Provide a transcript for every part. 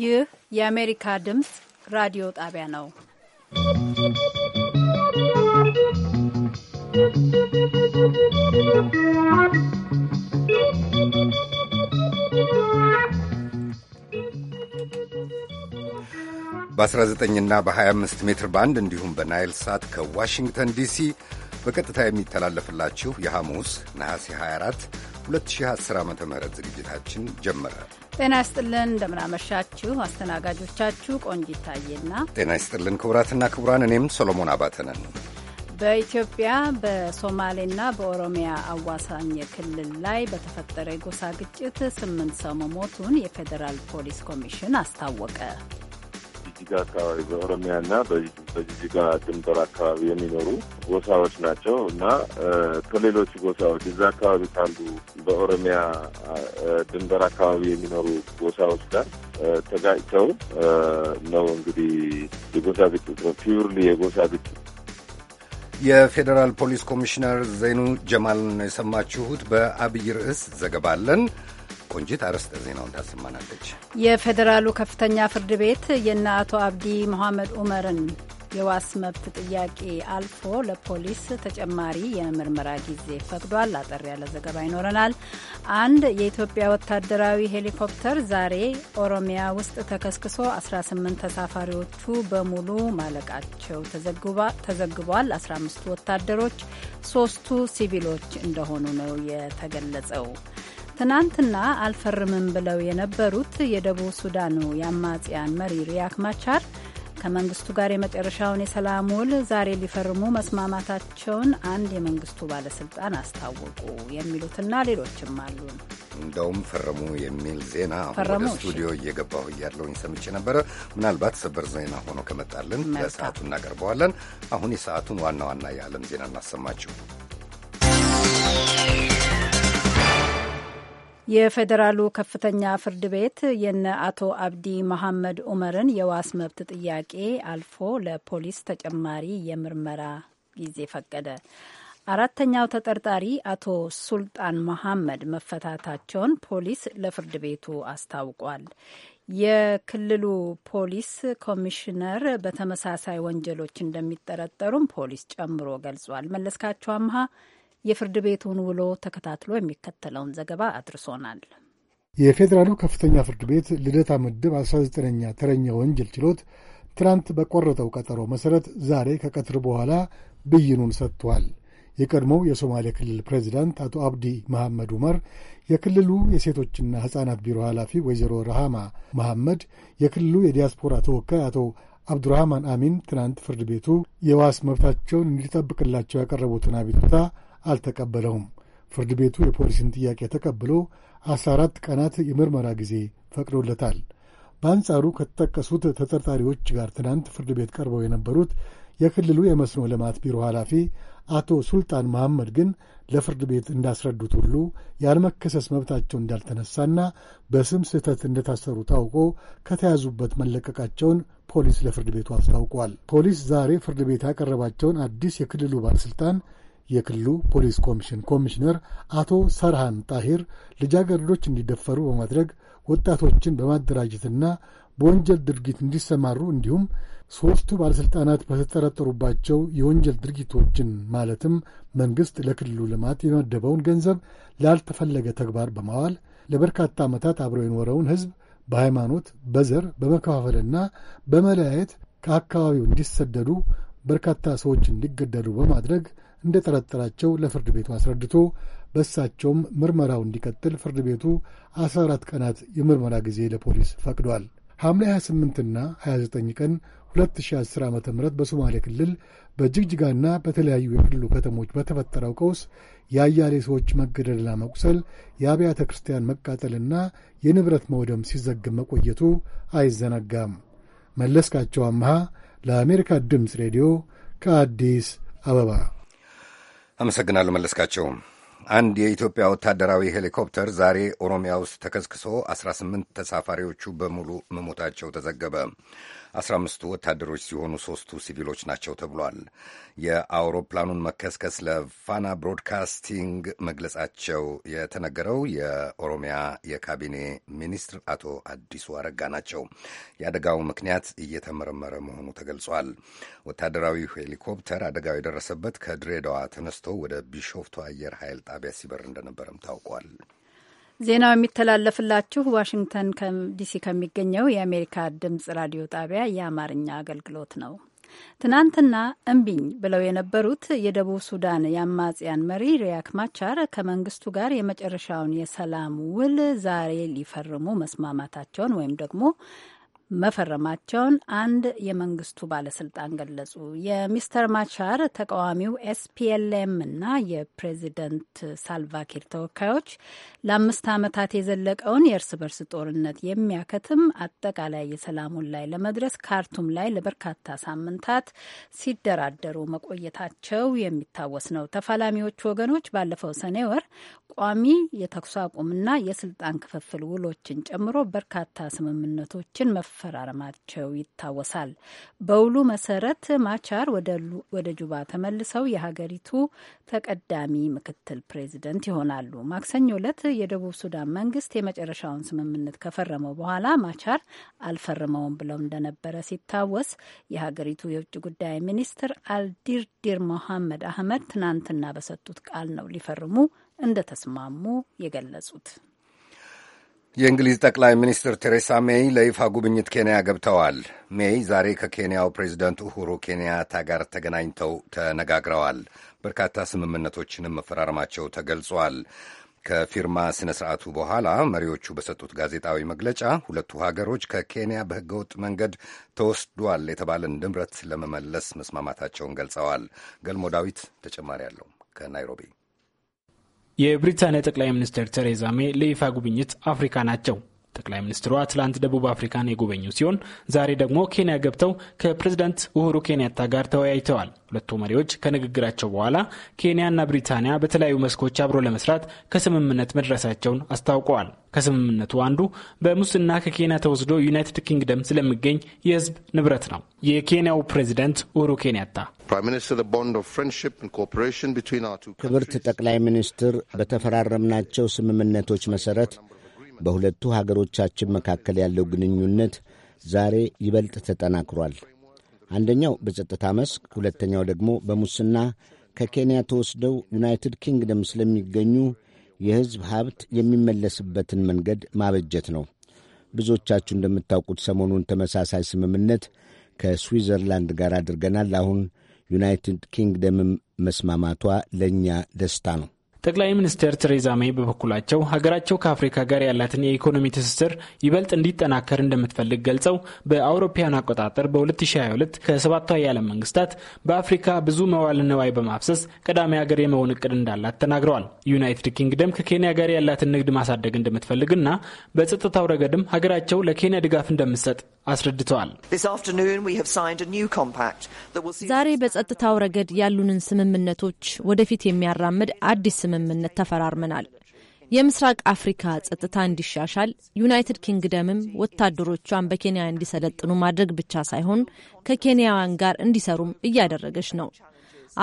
ይህ የአሜሪካ ድምፅ ራዲዮ ጣቢያ ነው። በ19ና በ25 ሜትር ባንድ እንዲሁም በናይል ሳት ከዋሽንግተን ዲሲ በቀጥታ የሚተላለፍላችሁ የሐሙስ ነሐሴ 24 2010 ዓ ም ዝግጅታችን ጀመረ። ጤና ይስጥልን እንደምናመሻችሁ። አስተናጋጆቻችሁ ቆንጅ ይታየና ጤና ይስጥልን ክቡራትና ክቡራን፣ እኔም ሶሎሞን አባተነን። በኢትዮጵያ በሶማሌና በኦሮሚያ አዋሳኝ ክልል ላይ በተፈጠረ የጎሳ ግጭት ስምንት ሰው መሞቱን የፌዴራል ፖሊስ ኮሚሽን አስታወቀ። በጅጅጋ አካባቢ በኦሮሚያና በጅጅጋ ድንበር አካባቢ የሚኖሩ ጎሳዎች ናቸው እና ከሌሎች ጎሳዎች እዛ አካባቢ ካሉ በኦሮሚያ ድንበር አካባቢ የሚኖሩ ጎሳዎች ጋር ተጋጭተው ነው እንግዲህ የጎሳ ግጭት ነው፣ ፒውርሊ የጎሳ ግጭት። የፌዴራል ፖሊስ ኮሚሽነር ዘይኑ ጀማል ነው የሰማችሁት። በአብይ ርዕስ ዘገባ አለን። ቆንጂት አርዕስተ ዜናውን ታሰማናለች። የፌዴራሉ ከፍተኛ ፍርድ ቤት የእነ አቶ አብዲ መሐመድ ኡመርን የዋስ መብት ጥያቄ አልፎ ለፖሊስ ተጨማሪ የምርመራ ጊዜ ፈቅዷል። አጠር ያለ ዘገባ ይኖረናል። አንድ የኢትዮጵያ ወታደራዊ ሄሊኮፕተር ዛሬ ኦሮሚያ ውስጥ ተከስክሶ 18 ተሳፋሪዎቹ በሙሉ ማለቃቸው ተዘግቧል። 15ቱ ወታደሮች፣ ሶስቱ ሲቪሎች እንደሆኑ ነው የተገለጸው። ትናንትና አልፈርምም ብለው የነበሩት የደቡብ ሱዳኑ የአማጽያን መሪ ሪያክ ማቻር ከመንግስቱ ጋር የመጨረሻውን የሰላም ውል ዛሬ ሊፈርሙ መስማማታቸውን አንድ የመንግስቱ ባለስልጣን አስታወቁ። የሚሉትና ሌሎችም አሉ። እንደውም ፈረሙ የሚል ዜና ወደ ስቱዲዮ እየገባሁ እያለውኝ ሰምቼ ነበረ። ምናልባት ሰበር ዜና ሆኖ ከመጣልን ለሰዓቱ እናቀርበዋለን። አሁን የሰዓቱን ዋና ዋና የዓለም ዜና እናሰማችሁ። የፌዴራሉ ከፍተኛ ፍርድ ቤት የነ አቶ አብዲ መሐመድ ኡመርን የዋስ መብት ጥያቄ አልፎ ለፖሊስ ተጨማሪ የምርመራ ጊዜ ፈቀደ። አራተኛው ተጠርጣሪ አቶ ሱልጣን መሐመድ መፈታታቸውን ፖሊስ ለፍርድ ቤቱ አስታውቋል። የክልሉ ፖሊስ ኮሚሽነር በተመሳሳይ ወንጀሎች እንደሚጠረጠሩም ፖሊስ ጨምሮ ገልጿል። መለስካቸው አምሃ የፍርድ ቤቱን ውሎ ተከታትሎ የሚከተለውን ዘገባ አድርሶናል። የፌዴራሉ ከፍተኛ ፍርድ ቤት ልደታ ምድብ 19ኛ ተረኛ ወንጀል ችሎት ትናንት በቆረጠው ቀጠሮ መሠረት ዛሬ ከቀትር በኋላ ብይኑን ሰጥቷል። የቀድሞው የሶማሌ ክልል ፕሬዚዳንት አቶ አብዲ መሐመድ ዑመር፣ የክልሉ የሴቶችና ሕፃናት ቢሮ ኃላፊ ወይዘሮ ረሃማ መሐመድ፣ የክልሉ የዲያስፖራ ተወካይ አቶ አብዱራህማን አሚን ትናንት ፍርድ ቤቱ የዋስ መብታቸውን እንዲጠብቅላቸው ያቀረቡትን አቤቱታ አልተቀበለውም። ፍርድ ቤቱ የፖሊስን ጥያቄ ተቀብሎ አስራ አራት ቀናት የምርመራ ጊዜ ፈቅዶለታል። በአንጻሩ ከተጠቀሱት ተጠርጣሪዎች ጋር ትናንት ፍርድ ቤት ቀርበው የነበሩት የክልሉ የመስኖ ልማት ቢሮ ኃላፊ አቶ ሱልጣን መሐመድ ግን ለፍርድ ቤት እንዳስረዱት ሁሉ ያለመከሰስ መብታቸው እንዳልተነሳና በስም ስህተት እንደታሰሩ ታውቆ ከተያዙበት መለቀቃቸውን ፖሊስ ለፍርድ ቤቱ አስታውቋል። ፖሊስ ዛሬ ፍርድ ቤት ያቀረባቸውን አዲስ የክልሉ ባለሥልጣን የክልሉ ፖሊስ ኮሚሽን ኮሚሽነር አቶ ሰርሃን ጣሂር ልጃገረዶች እንዲደፈሩ በማድረግ ወጣቶችን በማደራጀትና በወንጀል ድርጊት እንዲሰማሩ እንዲሁም ሦስቱ ባለሥልጣናት በተጠረጠሩባቸው የወንጀል ድርጊቶችን ማለትም መንግሥት ለክልሉ ልማት የመደበውን ገንዘብ ላልተፈለገ ተግባር በማዋል ለበርካታ ዓመታት አብረው የኖረውን ሕዝብ በሃይማኖት፣ በዘር በመከፋፈልና በመለያየት ከአካባቢው እንዲሰደዱ በርካታ ሰዎች እንዲገደሉ በማድረግ እንደጠረጠራቸው ለፍርድ ቤቱ አስረድቶ በእሳቸውም ምርመራው እንዲቀጥል ፍርድ ቤቱ 14 ቀናት የምርመራ ጊዜ ለፖሊስ ፈቅዷል። ሐምሌ 28ና 29 ቀን 2010 ዓ ም በሶማሌ ክልል በጅግጅጋና በተለያዩ የክልሉ ከተሞች በተፈጠረው ቀውስ የአያሌ ሰዎች መገደልና መቁሰል፣ የአብያተ ክርስቲያን መቃጠልና የንብረት መውደም ሲዘግብ መቆየቱ አይዘነጋም። መለስካቸው አምሃ ለአሜሪካ ድምፅ ሬዲዮ ከአዲስ አበባ አመሰግናለሁ መለስካቸው። አንድ የኢትዮጵያ ወታደራዊ ሄሊኮፕተር ዛሬ ኦሮሚያ ውስጥ ተከስክሶ 18 ተሳፋሪዎቹ በሙሉ መሞታቸው ተዘገበ። 15 አምስቱ ወታደሮች ሲሆኑ ሦስቱ ሲቪሎች ናቸው ተብሏል። የአውሮፕላኑን መከስከስ ለፋና ብሮድካስቲንግ መግለጻቸው የተነገረው የኦሮሚያ የካቢኔ ሚኒስትር አቶ አዲሱ አረጋ ናቸው። የአደጋው ምክንያት እየተመረመረ መሆኑ ተገልጿል። ወታደራዊ ሄሊኮፕተር አደጋው የደረሰበት ከድሬዳዋ ተነስቶ ወደ ቢሾፍቱ አየር ኃይል ጣቢያ ሲበር እንደነበረም ታውቋል። ዜናው የሚተላለፍላችሁ ዋሽንግተን ዲሲ ከሚገኘው የአሜሪካ ድምጽ ራዲዮ ጣቢያ የአማርኛ አገልግሎት ነው። ትናንትና እምቢኝ ብለው የነበሩት የደቡብ ሱዳን የአማጽያን መሪ ሪያክ ማቻር ከመንግስቱ ጋር የመጨረሻውን የሰላም ውል ዛሬ ሊፈርሙ መስማማታቸውን ወይም ደግሞ መፈረማቸውን አንድ የመንግስቱ ባለስልጣን ገለጹ። የሚስተር ማቻር ተቃዋሚው ኤስፒኤልኤም እና የፕሬዚደንት ሳልቫኪር ተወካዮች ለአምስት ዓመታት የዘለቀውን የእርስ በርስ ጦርነት የሚያከትም አጠቃላይ የሰላሙን ላይ ለመድረስ ካርቱም ላይ ለበርካታ ሳምንታት ሲደራደሩ መቆየታቸው የሚታወስ ነው። ተፋላሚዎቹ ወገኖች ባለፈው ሰኔ ወር ቋሚ የተኩስ አቁምና የስልጣን ክፍፍል ውሎችን ጨምሮ በርካታ ስምምነቶችን መፈራረማቸው ይታወሳል። በውሉ መሰረት ማቻር ወደ ጁባ ተመልሰው የሀገሪቱ ተቀዳሚ ምክትል ፕሬዚደንት ይሆናሉ። ማክሰኞ ዕለት የደቡብ ሱዳን መንግስት የመጨረሻውን ስምምነት ከፈረመው በኋላ ማቻር አልፈርመውም ብለው እንደነበረ ሲታወስ የሀገሪቱ የውጭ ጉዳይ ሚኒስትር አልዲር ዲር አህመድ ትናንትና በሰጡት ቃል ነው ሊፈርሙ እንደተስማሙ የገለጹት። የእንግሊዝ ጠቅላይ ሚኒስትር ቴሬሳ ሜይ ለይፋ ጉብኝት ኬንያ ገብተዋል። ሜይ ዛሬ ከኬንያው ፕሬዚደንት ኡሁሩ ኬንያታ ጋር ተገናኝተው ተነጋግረዋል። በርካታ ስምምነቶችንም መፈራረማቸው ተገልጿል። ከፊርማ ስነ ስርዓቱ በኋላ መሪዎቹ በሰጡት ጋዜጣዊ መግለጫ ሁለቱ ሀገሮች ከኬንያ በህገወጥ መንገድ ተወስዷል የተባለን ንብረት ለመመለስ መስማማታቸውን ገልጸዋል። ገልሞ ዳዊት ተጨማሪ አለው ከናይሮቢ የብሪታንያ ጠቅላይ ሚኒስትር ቴሬዛ ሜይ ለይፋ ጉብኝት አፍሪካ ናቸው። ጠቅላይ ሚኒስትሯ ትላንት ደቡብ አፍሪካን የጎበኙ ሲሆን ዛሬ ደግሞ ኬንያ ገብተው ከፕሬዝዳንት ኡሁሩ ኬንያታ ጋር ተወያይተዋል። ሁለቱ መሪዎች ከንግግራቸው በኋላ ኬንያና ብሪታንያ በተለያዩ መስኮች አብሮ ለመስራት ከስምምነት መድረሳቸውን አስታውቀዋል። ከስምምነቱ አንዱ በሙስና ከኬንያ ተወስዶ ዩናይትድ ኪንግደም ስለሚገኝ የህዝብ ንብረት ነው። የኬንያው ፕሬዚደንት ኡሁሩ ኬንያታ ክብርት ጠቅላይ ሚኒስትር በተፈራረምናቸው ስምምነቶች መሰረት በሁለቱ ሀገሮቻችን መካከል ያለው ግንኙነት ዛሬ ይበልጥ ተጠናክሯል። አንደኛው በጸጥታ መስክ፣ ሁለተኛው ደግሞ በሙስና ከኬንያ ተወስደው ዩናይትድ ኪንግደም ስለሚገኙ የሕዝብ ሀብት የሚመለስበትን መንገድ ማበጀት ነው። ብዙዎቻችሁ እንደምታውቁት ሰሞኑን ተመሳሳይ ስምምነት ከስዊዘርላንድ ጋር አድርገናል። አሁን ዩናይትድ ኪንግደምም መስማማቷ ለእኛ ደስታ ነው። ጠቅላይ ሚኒስትር ቴሬዛ ሜይ በበኩላቸው ሀገራቸው ከአፍሪካ ጋር ያላትን የኢኮኖሚ ትስስር ይበልጥ እንዲጠናከር እንደምትፈልግ ገልጸው በአውሮፓውያን አቆጣጠር በ2022 ከሰባቱ የዓለም መንግስታት በአፍሪካ ብዙ መዋዕለ ንዋይ በማፍሰስ ቀዳሚ ሀገር የመሆን እቅድ እንዳላት ተናግረዋል። ዩናይትድ ኪንግደም ከኬንያ ጋር ያላትን ንግድ ማሳደግ እንደምትፈልግና በጸጥታው ረገድም ሀገራቸው ለኬንያ ድጋፍ እንደምትሰጥ አስረድተዋል። ዛሬ በጸጥታው ረገድ ያሉንን ስምምነቶች ወደፊት የሚያራምድ አዲስ ስምምነት ተፈራርመናል። የምስራቅ አፍሪካ ጸጥታ እንዲሻሻል ዩናይትድ ኪንግደምም ወታደሮቿን በኬንያ እንዲሰለጥኑ ማድረግ ብቻ ሳይሆን ከኬንያውያን ጋር እንዲሰሩም እያደረገች ነው።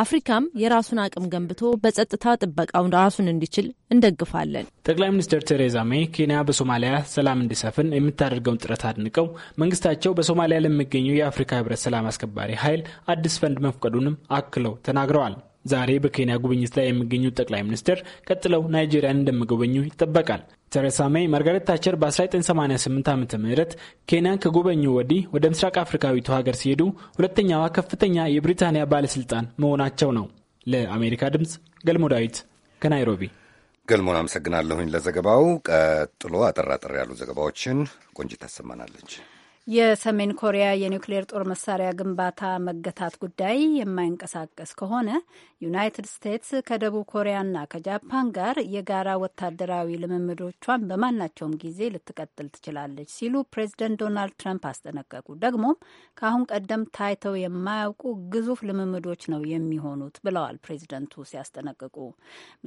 አፍሪካም የራሱን አቅም ገንብቶ በጸጥታ ጥበቃው ራሱን እንዲችል እንደግፋለን። ጠቅላይ ሚኒስትር ቴሬዛ ሜይ ኬንያ በሶማሊያ ሰላም እንዲሰፍን የምታደርገውን ጥረት አድንቀው መንግስታቸው በሶማሊያ ለሚገኘው የአፍሪካ ህብረት ሰላም አስከባሪ ኃይል አዲስ ፈንድ መፍቀዱንም አክለው ተናግረዋል። ዛሬ በኬንያ ጉብኝት ላይ የሚገኙት ጠቅላይ ሚኒስትር ቀጥለው ናይጄሪያን እንደሚጎበኙ ይጠበቃል። ቴሬሳ ሜይ ማርጋሬት ታቸር በ1988 ዓ ም ኬንያን ከጎበኙ ወዲህ ወደ ምስራቅ አፍሪካዊቱ ሀገር ሲሄዱ ሁለተኛዋ ከፍተኛ የብሪታንያ ባለስልጣን መሆናቸው ነው። ለአሜሪካ ድምፅ ገልሞ ዳዊት ከናይሮቢ። ገልሞን አመሰግናለሁኝ ለዘገባው። ቀጥሎ አጠራጠር ያሉ ዘገባዎችን ቆንጅት ታሰማናለች። የሰሜን ኮሪያ የኒውክሌር ጦር መሳሪያ ግንባታ መገታት ጉዳይ የማይንቀሳቀስ ከሆነ ዩናይትድ ስቴትስ ከደቡብ ኮሪያና ከጃፓን ጋር የጋራ ወታደራዊ ልምምዶቿን በማናቸውም ጊዜ ልትቀጥል ትችላለች ሲሉ ፕሬዚደንት ዶናልድ ትራምፕ አስጠነቀቁ። ደግሞም ከአሁን ቀደም ታይተው የማያውቁ ግዙፍ ልምምዶች ነው የሚሆኑት ብለዋል ፕሬዚደንቱ ሲያስጠነቅቁ።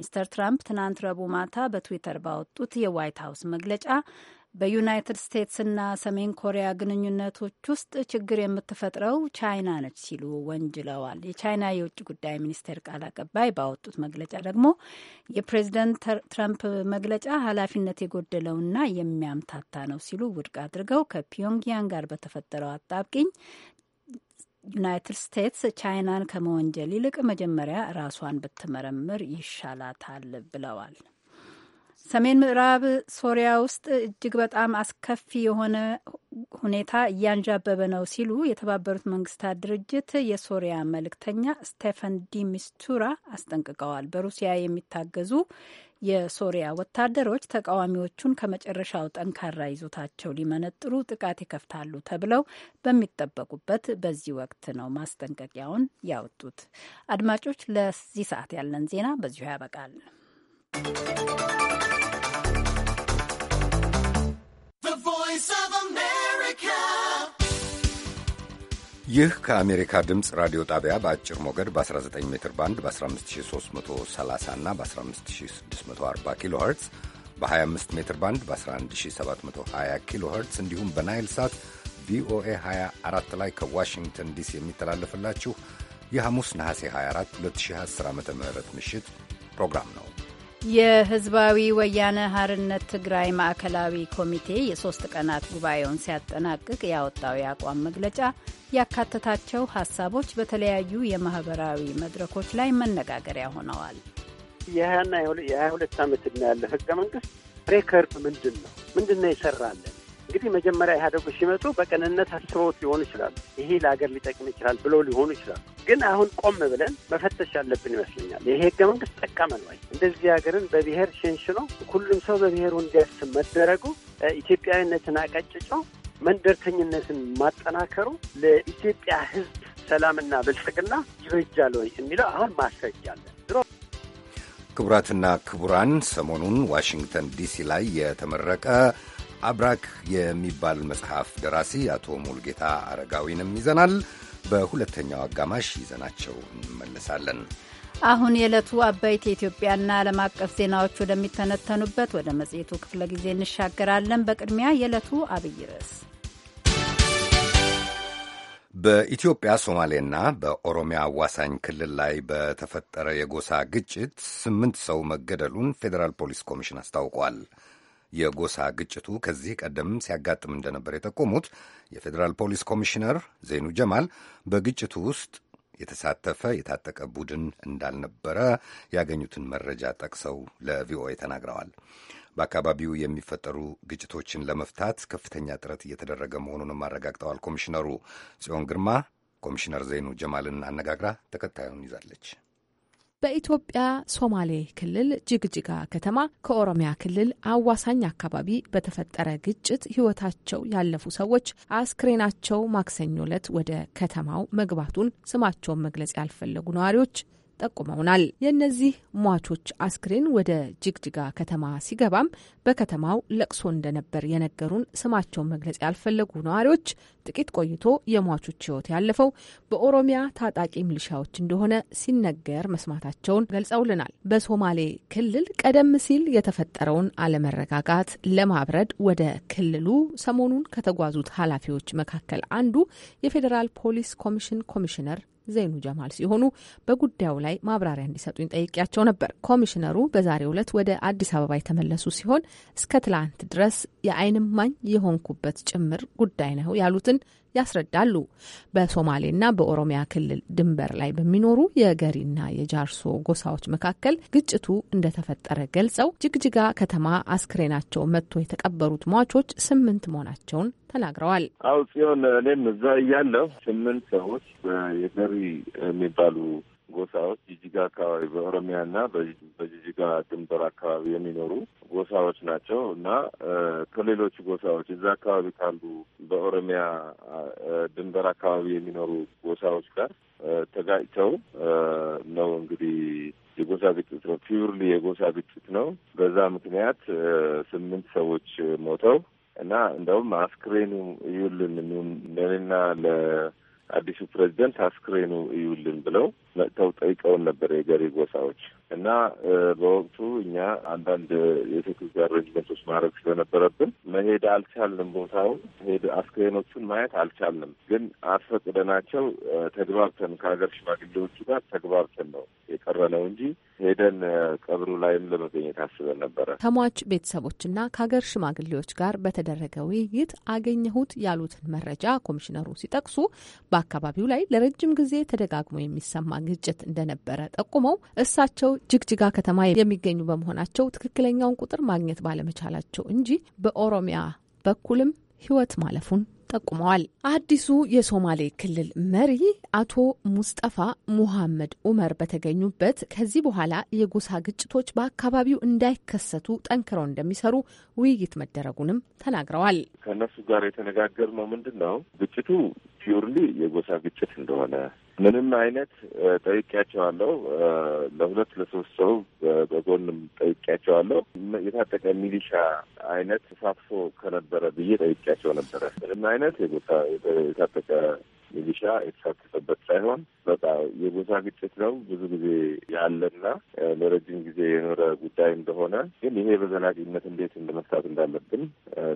ሚስተር ትራምፕ ትናንት ረቡዕ ማታ በትዊተር ባወጡት የዋይት ሀውስ መግለጫ በዩናይትድ ስቴትስና ሰሜን ኮሪያ ግንኙነቶች ውስጥ ችግር የምትፈጥረው ቻይና ነች ሲሉ ወንጅለዋል። የቻይና የውጭ ጉዳይ ሚኒስቴር ቃል አቀባይ ባወጡት መግለጫ ደግሞ የፕሬዝደንት ትራምፕ መግለጫ ኃላፊነት የጎደለውና የሚያምታታ ነው ሲሉ ውድቅ አድርገው ከፒዮንግያን ጋር በተፈጠረው አጣብቂኝ ዩናይትድ ስቴትስ ቻይናን ከመወንጀል ይልቅ መጀመሪያ ራሷን ብትመረምር ይሻላታል ብለዋል። ሰሜን ምዕራብ ሶሪያ ውስጥ እጅግ በጣም አስከፊ የሆነ ሁኔታ እያንዣበበ ነው ሲሉ የተባበሩት መንግስታት ድርጅት የሶሪያ መልእክተኛ ስቴፈን ዲ ሚስቱራ አስጠንቅቀዋል። በሩሲያ የሚታገዙ የሶሪያ ወታደሮች ተቃዋሚዎቹን ከመጨረሻው ጠንካራ ይዞታቸው ሊመነጥሩ ጥቃት ይከፍታሉ ተብለው በሚጠበቁበት በዚህ ወቅት ነው ማስጠንቀቂያውን ያወጡት። አድማጮች፣ ለዚህ ሰዓት ያለን ዜና በዚሁ ያበቃል። ይህ ከአሜሪካ ድምፅ ራዲዮ ጣቢያ በአጭር ሞገድ በ19 ሜትር ባንድ በ15330 እና በ15640 ኪሎ ኸርትዝ በ25 ሜትር ባንድ በ11720 ኪሎ ኸርትዝ እንዲሁም በናይል ሳት ቪኦኤ 24 ላይ ከዋሽንግተን ዲሲ የሚተላለፍላችሁ የሐሙስ ነሐሴ 24 2010 ዓ ም ምሽት ፕሮግራም ነው። የህዝባዊ ወያነ ሀርነት ትግራይ ማዕከላዊ ኮሚቴ የሶስት ቀናት ጉባኤውን ሲያጠናቅቅ ያወጣው የአቋም መግለጫ ያካተታቸው ሀሳቦች በተለያዩ የማህበራዊ መድረኮች ላይ መነጋገሪያ ሆነዋል። የሀያና የሀያ ሁለት ዓመት ዕድሜ ያለ ህገ መንግስት ሬከርድ ምንድን ነው? ምንድን ነው ይሰራለን እንግዲህ መጀመሪያ ኢህአዴጎች ሲመጡ በቅንነት አስበውት ሊሆኑ ይችላሉ። ይሄ ለሀገር ሊጠቅም ይችላል ብለው ሊሆኑ ይችላሉ። ግን አሁን ቆም ብለን መፈተሽ ያለብን ይመስለኛል። ይሄ ህገ መንግስት ጠቀመን ወይ? እንደዚህ ሀገርን በብሔር ሸንሽኖ ሁሉም ሰው በብሔሩ እንዲያስ መደረጉ ኢትዮጵያዊነትን አቀጭጮ መንደርተኝነትን ማጠናከሩ ለኢትዮጵያ ህዝብ ሰላምና ብልጽግና ይበጃል ወይ የሚለው አሁን ማስረጃለን። ክቡራትና ክቡራን ሰሞኑን ዋሽንግተን ዲሲ ላይ የተመረቀ አብራክ የሚባል መጽሐፍ ደራሲ አቶ ሙልጌታ አረጋዊንም ይዘናል። በሁለተኛው አጋማሽ ይዘናቸው እንመለሳለን። አሁን የዕለቱ አበይት የኢትዮጵያና ዓለም አቀፍ ዜናዎች ወደሚተነተኑበት ወደ መጽሔቱ ክፍለ ጊዜ እንሻገራለን። በቅድሚያ የዕለቱ አብይ ርዕስ በኢትዮጵያ ሶማሌና በኦሮሚያ አዋሳኝ ክልል ላይ በተፈጠረ የጎሳ ግጭት ስምንት ሰው መገደሉን ፌዴራል ፖሊስ ኮሚሽን አስታውቋል። የጎሳ ግጭቱ ከዚህ ቀደም ሲያጋጥም እንደነበር የጠቆሙት የፌዴራል ፖሊስ ኮሚሽነር ዜኑ ጀማል በግጭቱ ውስጥ የተሳተፈ የታጠቀ ቡድን እንዳልነበረ ያገኙትን መረጃ ጠቅሰው ለቪኦኤ ተናግረዋል። በአካባቢው የሚፈጠሩ ግጭቶችን ለመፍታት ከፍተኛ ጥረት እየተደረገ መሆኑንም አረጋግጠዋል ኮሚሽነሩ። ጽዮን ግርማ ኮሚሽነር ዜኑ ጀማልን አነጋግራ ተከታዩን ይዛለች። በኢትዮጵያ ሶማሌ ክልል ጅግጅጋ ከተማ ከኦሮሚያ ክልል አዋሳኝ አካባቢ በተፈጠረ ግጭት ሕይወታቸው ያለፉ ሰዎች አስክሬናቸው ማክሰኞ ዕለት ወደ ከተማው መግባቱን ስማቸውን መግለጽ ያልፈለጉ ነዋሪዎች ጠቁመውናል። የእነዚህ ሟቾች አስክሬን ወደ ጅግጅጋ ከተማ ሲገባም በከተማው ለቅሶ እንደነበር የነገሩን ስማቸውን መግለጽ ያልፈለጉ ነዋሪዎች ጥቂት ቆይቶ የሟቾች ሕይወት ያለፈው በኦሮሚያ ታጣቂ ሚሊሻዎች እንደሆነ ሲነገር መስማታቸውን ገልጸውልናል። በሶማሌ ክልል ቀደም ሲል የተፈጠረውን አለመረጋጋት ለማብረድ ወደ ክልሉ ሰሞኑን ከተጓዙት ኃላፊዎች መካከል አንዱ የፌዴራል ፖሊስ ኮሚሽን ኮሚሽነር ዘይኑ ጀማል ሲሆኑ በጉዳዩ ላይ ማብራሪያ እንዲሰጡኝ ጠይቄያቸው ነበር። ኮሚሽነሩ በዛሬው ዕለት ወደ አዲስ አበባ የተመለሱ ሲሆን እስከ ትላንት ድረስ የአይንማኝ የሆንኩበት ጭምር ጉዳይ ነው ያሉትን ያስረዳሉ። በሶማሌና በኦሮሚያ ክልል ድንበር ላይ በሚኖሩ የገሪና የጃርሶ ጎሳዎች መካከል ግጭቱ እንደተፈጠረ ገልጸው ጅግጅጋ ከተማ አስክሬናቸው መጥቶ የተቀበሩት ሟቾች ስምንት መሆናቸውን ተናግረዋል። አው ጽዮን፣ እኔም እዛ እያለሁ ስምንት ሰዎች የገሪ የሚባሉ ጎሳዎች ጂጂጋ አካባቢ በኦሮሚያና በጂጂጋ ድንበር አካባቢ የሚኖሩ ጎሳዎች ናቸው እና ከሌሎች ጎሳዎች እዛ አካባቢ ካሉ በኦሮሚያ ድንበር አካባቢ የሚኖሩ ጎሳዎች ጋር ተጋጭተው ነው እንግዲህ የጎሳ ግጭት ነው። ፒውርሊ የጎሳ ግጭት ነው። በዛ ምክንያት ስምንት ሰዎች ሞተው እና እንደውም አስክሬኑ እዩልን ለኔና ለአዲሱ ፕሬዚደንት አስክሬኑ እዩልን ብለው መጥተው ጠይቀውን ነበር የገሪ ጎሳዎች እና በወቅቱ እኛ አንዳንድ የሴኩሪቲ አሬንጅመንቶች ማድረግ ስለነበረብን መሄድ አልቻልንም። ቦታውን ሄድ አስክሬኖቹን ማየት አልቻልንም። ግን አስፈቅደናቸው ተግባብተን ከሀገር ሽማግሌዎቹ ጋር ተግባብተን ነው ነው እንጂ ሄደን ቀብሩ ላይም ለመገኘት አስበን ነበረ። ከሟች ቤተሰቦችና ከሀገር ሽማግሌዎች ጋር በተደረገ ውይይት አገኘሁት ያሉትን መረጃ ኮሚሽነሩ ሲጠቅሱ በአካባቢው ላይ ለረጅም ጊዜ ተደጋግሞ የሚሰማ ግጭት እንደነበረ ጠቁመው እሳቸው ጅግጅጋ ከተማ የሚገኙ በመሆናቸው ትክክለኛውን ቁጥር ማግኘት ባለመቻላቸው እንጂ በኦሮሚያ በኩልም ሕይወት ማለፉን ጠቁመዋል። አዲሱ የሶማሌ ክልል መሪ አቶ ሙስጠፋ ሙሐመድ ኡመር በተገኙበት ከዚህ በኋላ የጎሳ ግጭቶች በአካባቢው እንዳይከሰቱ ጠንክረው እንደሚሰሩ ውይይት መደረጉንም ተናግረዋል። ከእነሱ ጋር የተነጋገርነው ምንድን ነው ግጭቱ ፒውርሊ የጎሳ ግጭት እንደሆነ ምንም አይነት ጠይቄያቸዋለሁ። ለሁለት ለሶስት ሰው በጎንም ጠይቄያቸዋለሁ። የታጠቀ ሚሊሻ አይነት ተሳትፎ ከነበረ ብዬ ጠይቄያቸው ነበረ። ምንም አይነት የታጠቀ ሚሊሻ የተሳተፈበት ሳይሆን በቃ የጎሳ ግጭት ነው ብዙ ጊዜ ያለና ለረጅም ጊዜ የኖረ ጉዳይ እንደሆነ ግን ይሄ በዘላቂነት እንዴት እንደመፍታት እንዳለብን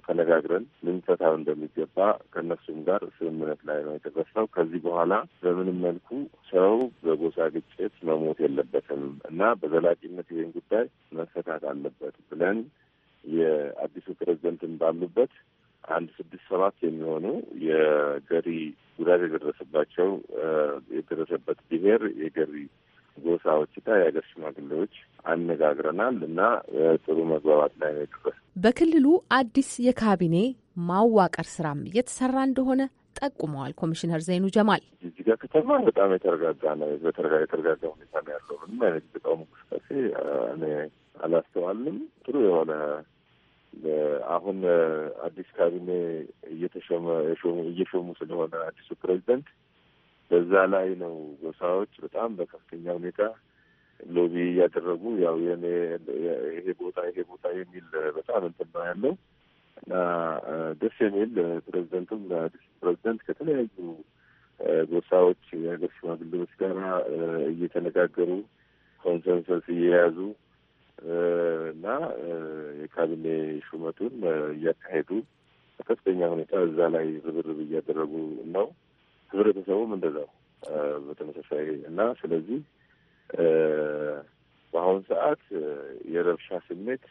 ተነጋግረን ልንፈታው እንደሚገባ ከእነሱም ጋር ስምምነት ላይ ነው የደረስነው። ከዚህ በኋላ በምንም መልኩ ሰው በጎሳ ግጭት መሞት የለበትም እና በዘላቂነት ይሄን ጉዳይ መፈታት አለበት ብለን የአዲሱ ፕሬዝደንትን ባሉበት አንድ ስድስት ሰባት የሚሆኑ የገሪ ጉዳት የደረሰባቸው የደረሰበት ብሔር የገሪ ጎሳዎችና የሀገር ሽማግሌዎች አነጋግረናል እና ጥሩ መግባባት ላይ ነው የደረስ። በክልሉ አዲስ የካቢኔ ማዋቀር ስራም እየተሰራ እንደሆነ ጠቁመዋል። ኮሚሽነር ዘይኑ ጀማል ጅጅጋ ከተማ በጣም የተረጋጋ ነው። የተረጋጋ ሁኔታ ነው ያለው። ምንም አይነት ግጣው እንቅስቃሴ እኔ አላስተዋልም። ጥሩ የሆነ አሁን አዲስ ካቢኔ እየተሾመ እየሾሙ ስለሆነ አዲሱ ፕሬዚደንት በዛ ላይ ነው ጎሳዎች በጣም በከፍተኛ ሁኔታ ሎቢ እያደረጉ ያው ይሄ ቦታ ይሄ ቦታ የሚል በጣም እንትን ነው ያለው እና ደስ የሚል ፕሬዚደንቱም አዲሱ ፕሬዚደንት ከተለያዩ ጎሳዎች የሀገር ሽማግሌዎች ጋር እየተነጋገሩ ኮንሰንሰስ እየያዙ እና የካቢኔ ሹመቱን እያካሄዱ በከፍተኛ ሁኔታ እዛ ላይ ርብርብ እያደረጉ ነው። ህብረተሰቡም እንደዛው በተመሳሳይ እና ስለዚህ በአሁኑ ሰዓት የረብሻ ስሜት፣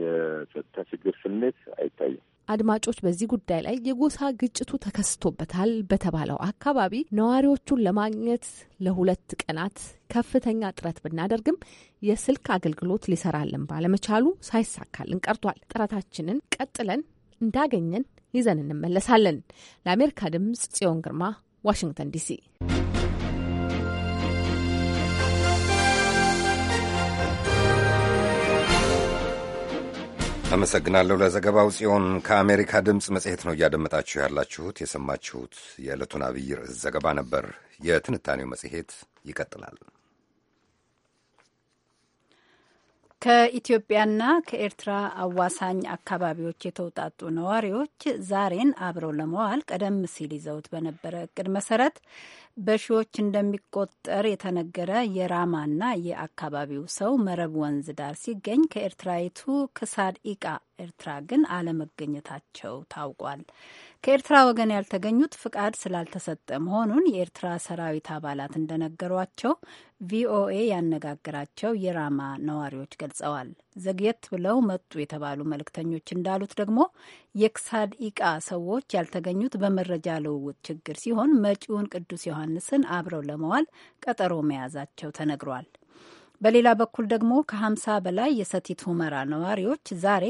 የጸጥታ ችግር ስሜት አይታይም። አድማጮች በዚህ ጉዳይ ላይ የጎሳ ግጭቱ ተከስቶበታል በተባለው አካባቢ ነዋሪዎቹን ለማግኘት ለሁለት ቀናት ከፍተኛ ጥረት ብናደርግም የስልክ አገልግሎት ሊሰራልን ባለመቻሉ ሳይሳካልን ቀርቷል። ጥረታችንን ቀጥለን እንዳገኘን ይዘን እንመለሳለን። ለአሜሪካ ድምጽ ጽዮን ግርማ ዋሽንግተን ዲሲ አመሰግናለሁ ለዘገባው ጽዮን። ከአሜሪካ ድምፅ መጽሔት ነው እያደመጣችሁ ያላችሁት። የሰማችሁት የዕለቱን አብይ ርዕስ ዘገባ ነበር። የትንታኔው መጽሔት ይቀጥላል። ከኢትዮጵያና ከኤርትራ አዋሳኝ አካባቢዎች የተውጣጡ ነዋሪዎች ዛሬን አብረው ለመዋል ቀደም ሲል ይዘውት በነበረ እቅድ መሰረት በሺዎች እንደሚቆጠር የተነገረ የራማና የአካባቢው ሰው መረብ ወንዝ ዳር ሲገኝ ከኤርትራዊቱ ክሳድ ኢቃ ኤርትራ ግን አለመገኘታቸው ታውቋል። ከኤርትራ ወገን ያልተገኙት ፍቃድ ስላልተሰጠ መሆኑን የኤርትራ ሰራዊት አባላት እንደነገሯቸው ቪኦኤ ያነጋገራቸው የራማ ነዋሪዎች ገልጸዋል። ዘግየት ብለው መጡ የተባሉ መልእክተኞች እንዳሉት ደግሞ የክሳድ ኢቃ ሰዎች ያልተገኙት በመረጃ ልውውጥ ችግር ሲሆን መጪውን ቅዱስ ዮሐንስን አብረው ለመዋል ቀጠሮ መያዛቸው ተነግሯል። በሌላ በኩል ደግሞ ከ በላይ የሰቲት ሁመራ ነዋሪዎች ዛሬ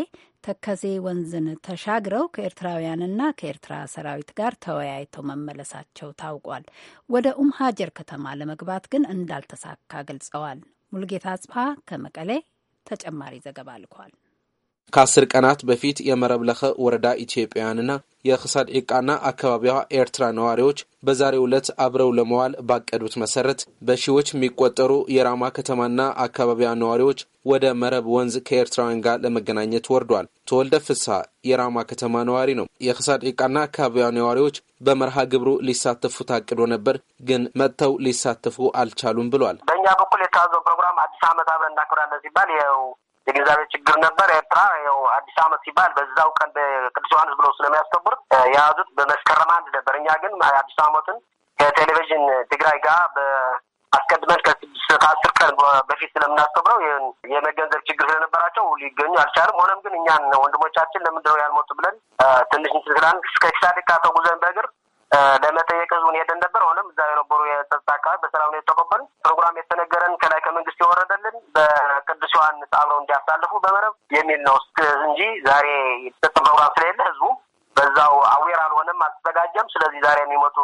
ተከዜ ወንዝን ተሻግረው ከኤርትራውያንና ከኤርትራ ሰራዊት ጋር ተወያይተው መመለሳቸው ታውቋል። ወደ ኡም ሀጀር ከተማ ለመግባት ግን እንዳልተሳካ ገልጸዋል። ሙልጌታ ጽፋ ከመቀሌ ተጨማሪ ዘገባ ልኳል። ከአስር ቀናት በፊት የመረብ ለኸ ወረዳ ኢትዮጵያውያንና የክሳድ ዒቃና አካባቢዋ ኤርትራ ነዋሪዎች በዛሬ ዕለት አብረው ለመዋል ባቀዱት መሰረት በሺዎች የሚቆጠሩ የራማ ከተማና አካባቢዋ ነዋሪዎች ወደ መረብ ወንዝ ከኤርትራውያን ጋር ለመገናኘት ወርዷል። ተወልደ ፍስሐ የራማ ከተማ ነዋሪ ነው። የክሳድ ዒቃና አካባቢዋ ነዋሪዎች በመርሃ ግብሩ ሊሳተፉ ታቅዶ ነበር፣ ግን መጥተው ሊሳተፉ አልቻሉም ብሏል። በእኛ በኩል የተያዘው ፕሮግራም አዲስ ዓመት አብረን እናክብራለን ሲባል ይኸው የግንዛቤ ችግር ነበር። ኤርትራ ያው አዲስ ዓመት ሲባል በዛው ቀን በቅዱስ ዮሐንስ ብሎ ስለሚያስከብሩት የያዙት በመስከረም አንድ ነበር። እኛ ግን አዲስ ዓመትን ከቴሌቪዥን ትግራይ ጋር በአስቀድመን ከስድስት አስር ቀን በፊት ስለምናስተምረው ይህን የመገንዘብ ችግር ስለነበራቸው ሊገኙ አልቻልም። ሆነም ግን እኛን ወንድሞቻችን ለምንድነው ያልሞቱ ብለን ትንሽ ስላን እስከ ኪሳዴካ ተጉዘን በእግር ለመጠየቅ ህዝቡን ሄደን ነበር። አሁንም እዛ የነበሩ የጸጥታ አካባቢ በሰላም ነው የተቀበሉ። ፕሮግራም የተነገረን ከላይ ከመንግስት የወረደልን በቅዱስ ዮሐንስ አብረው እንዲያሳልፉ በመረብ የሚል ነው እንጂ ዛሬ የተሰጠ ፕሮግራም ስለሌለ ህዝቡ በዛው አዌር አልሆነም፣ አልተዘጋጀም። ስለዚህ ዛሬ የሚመጡ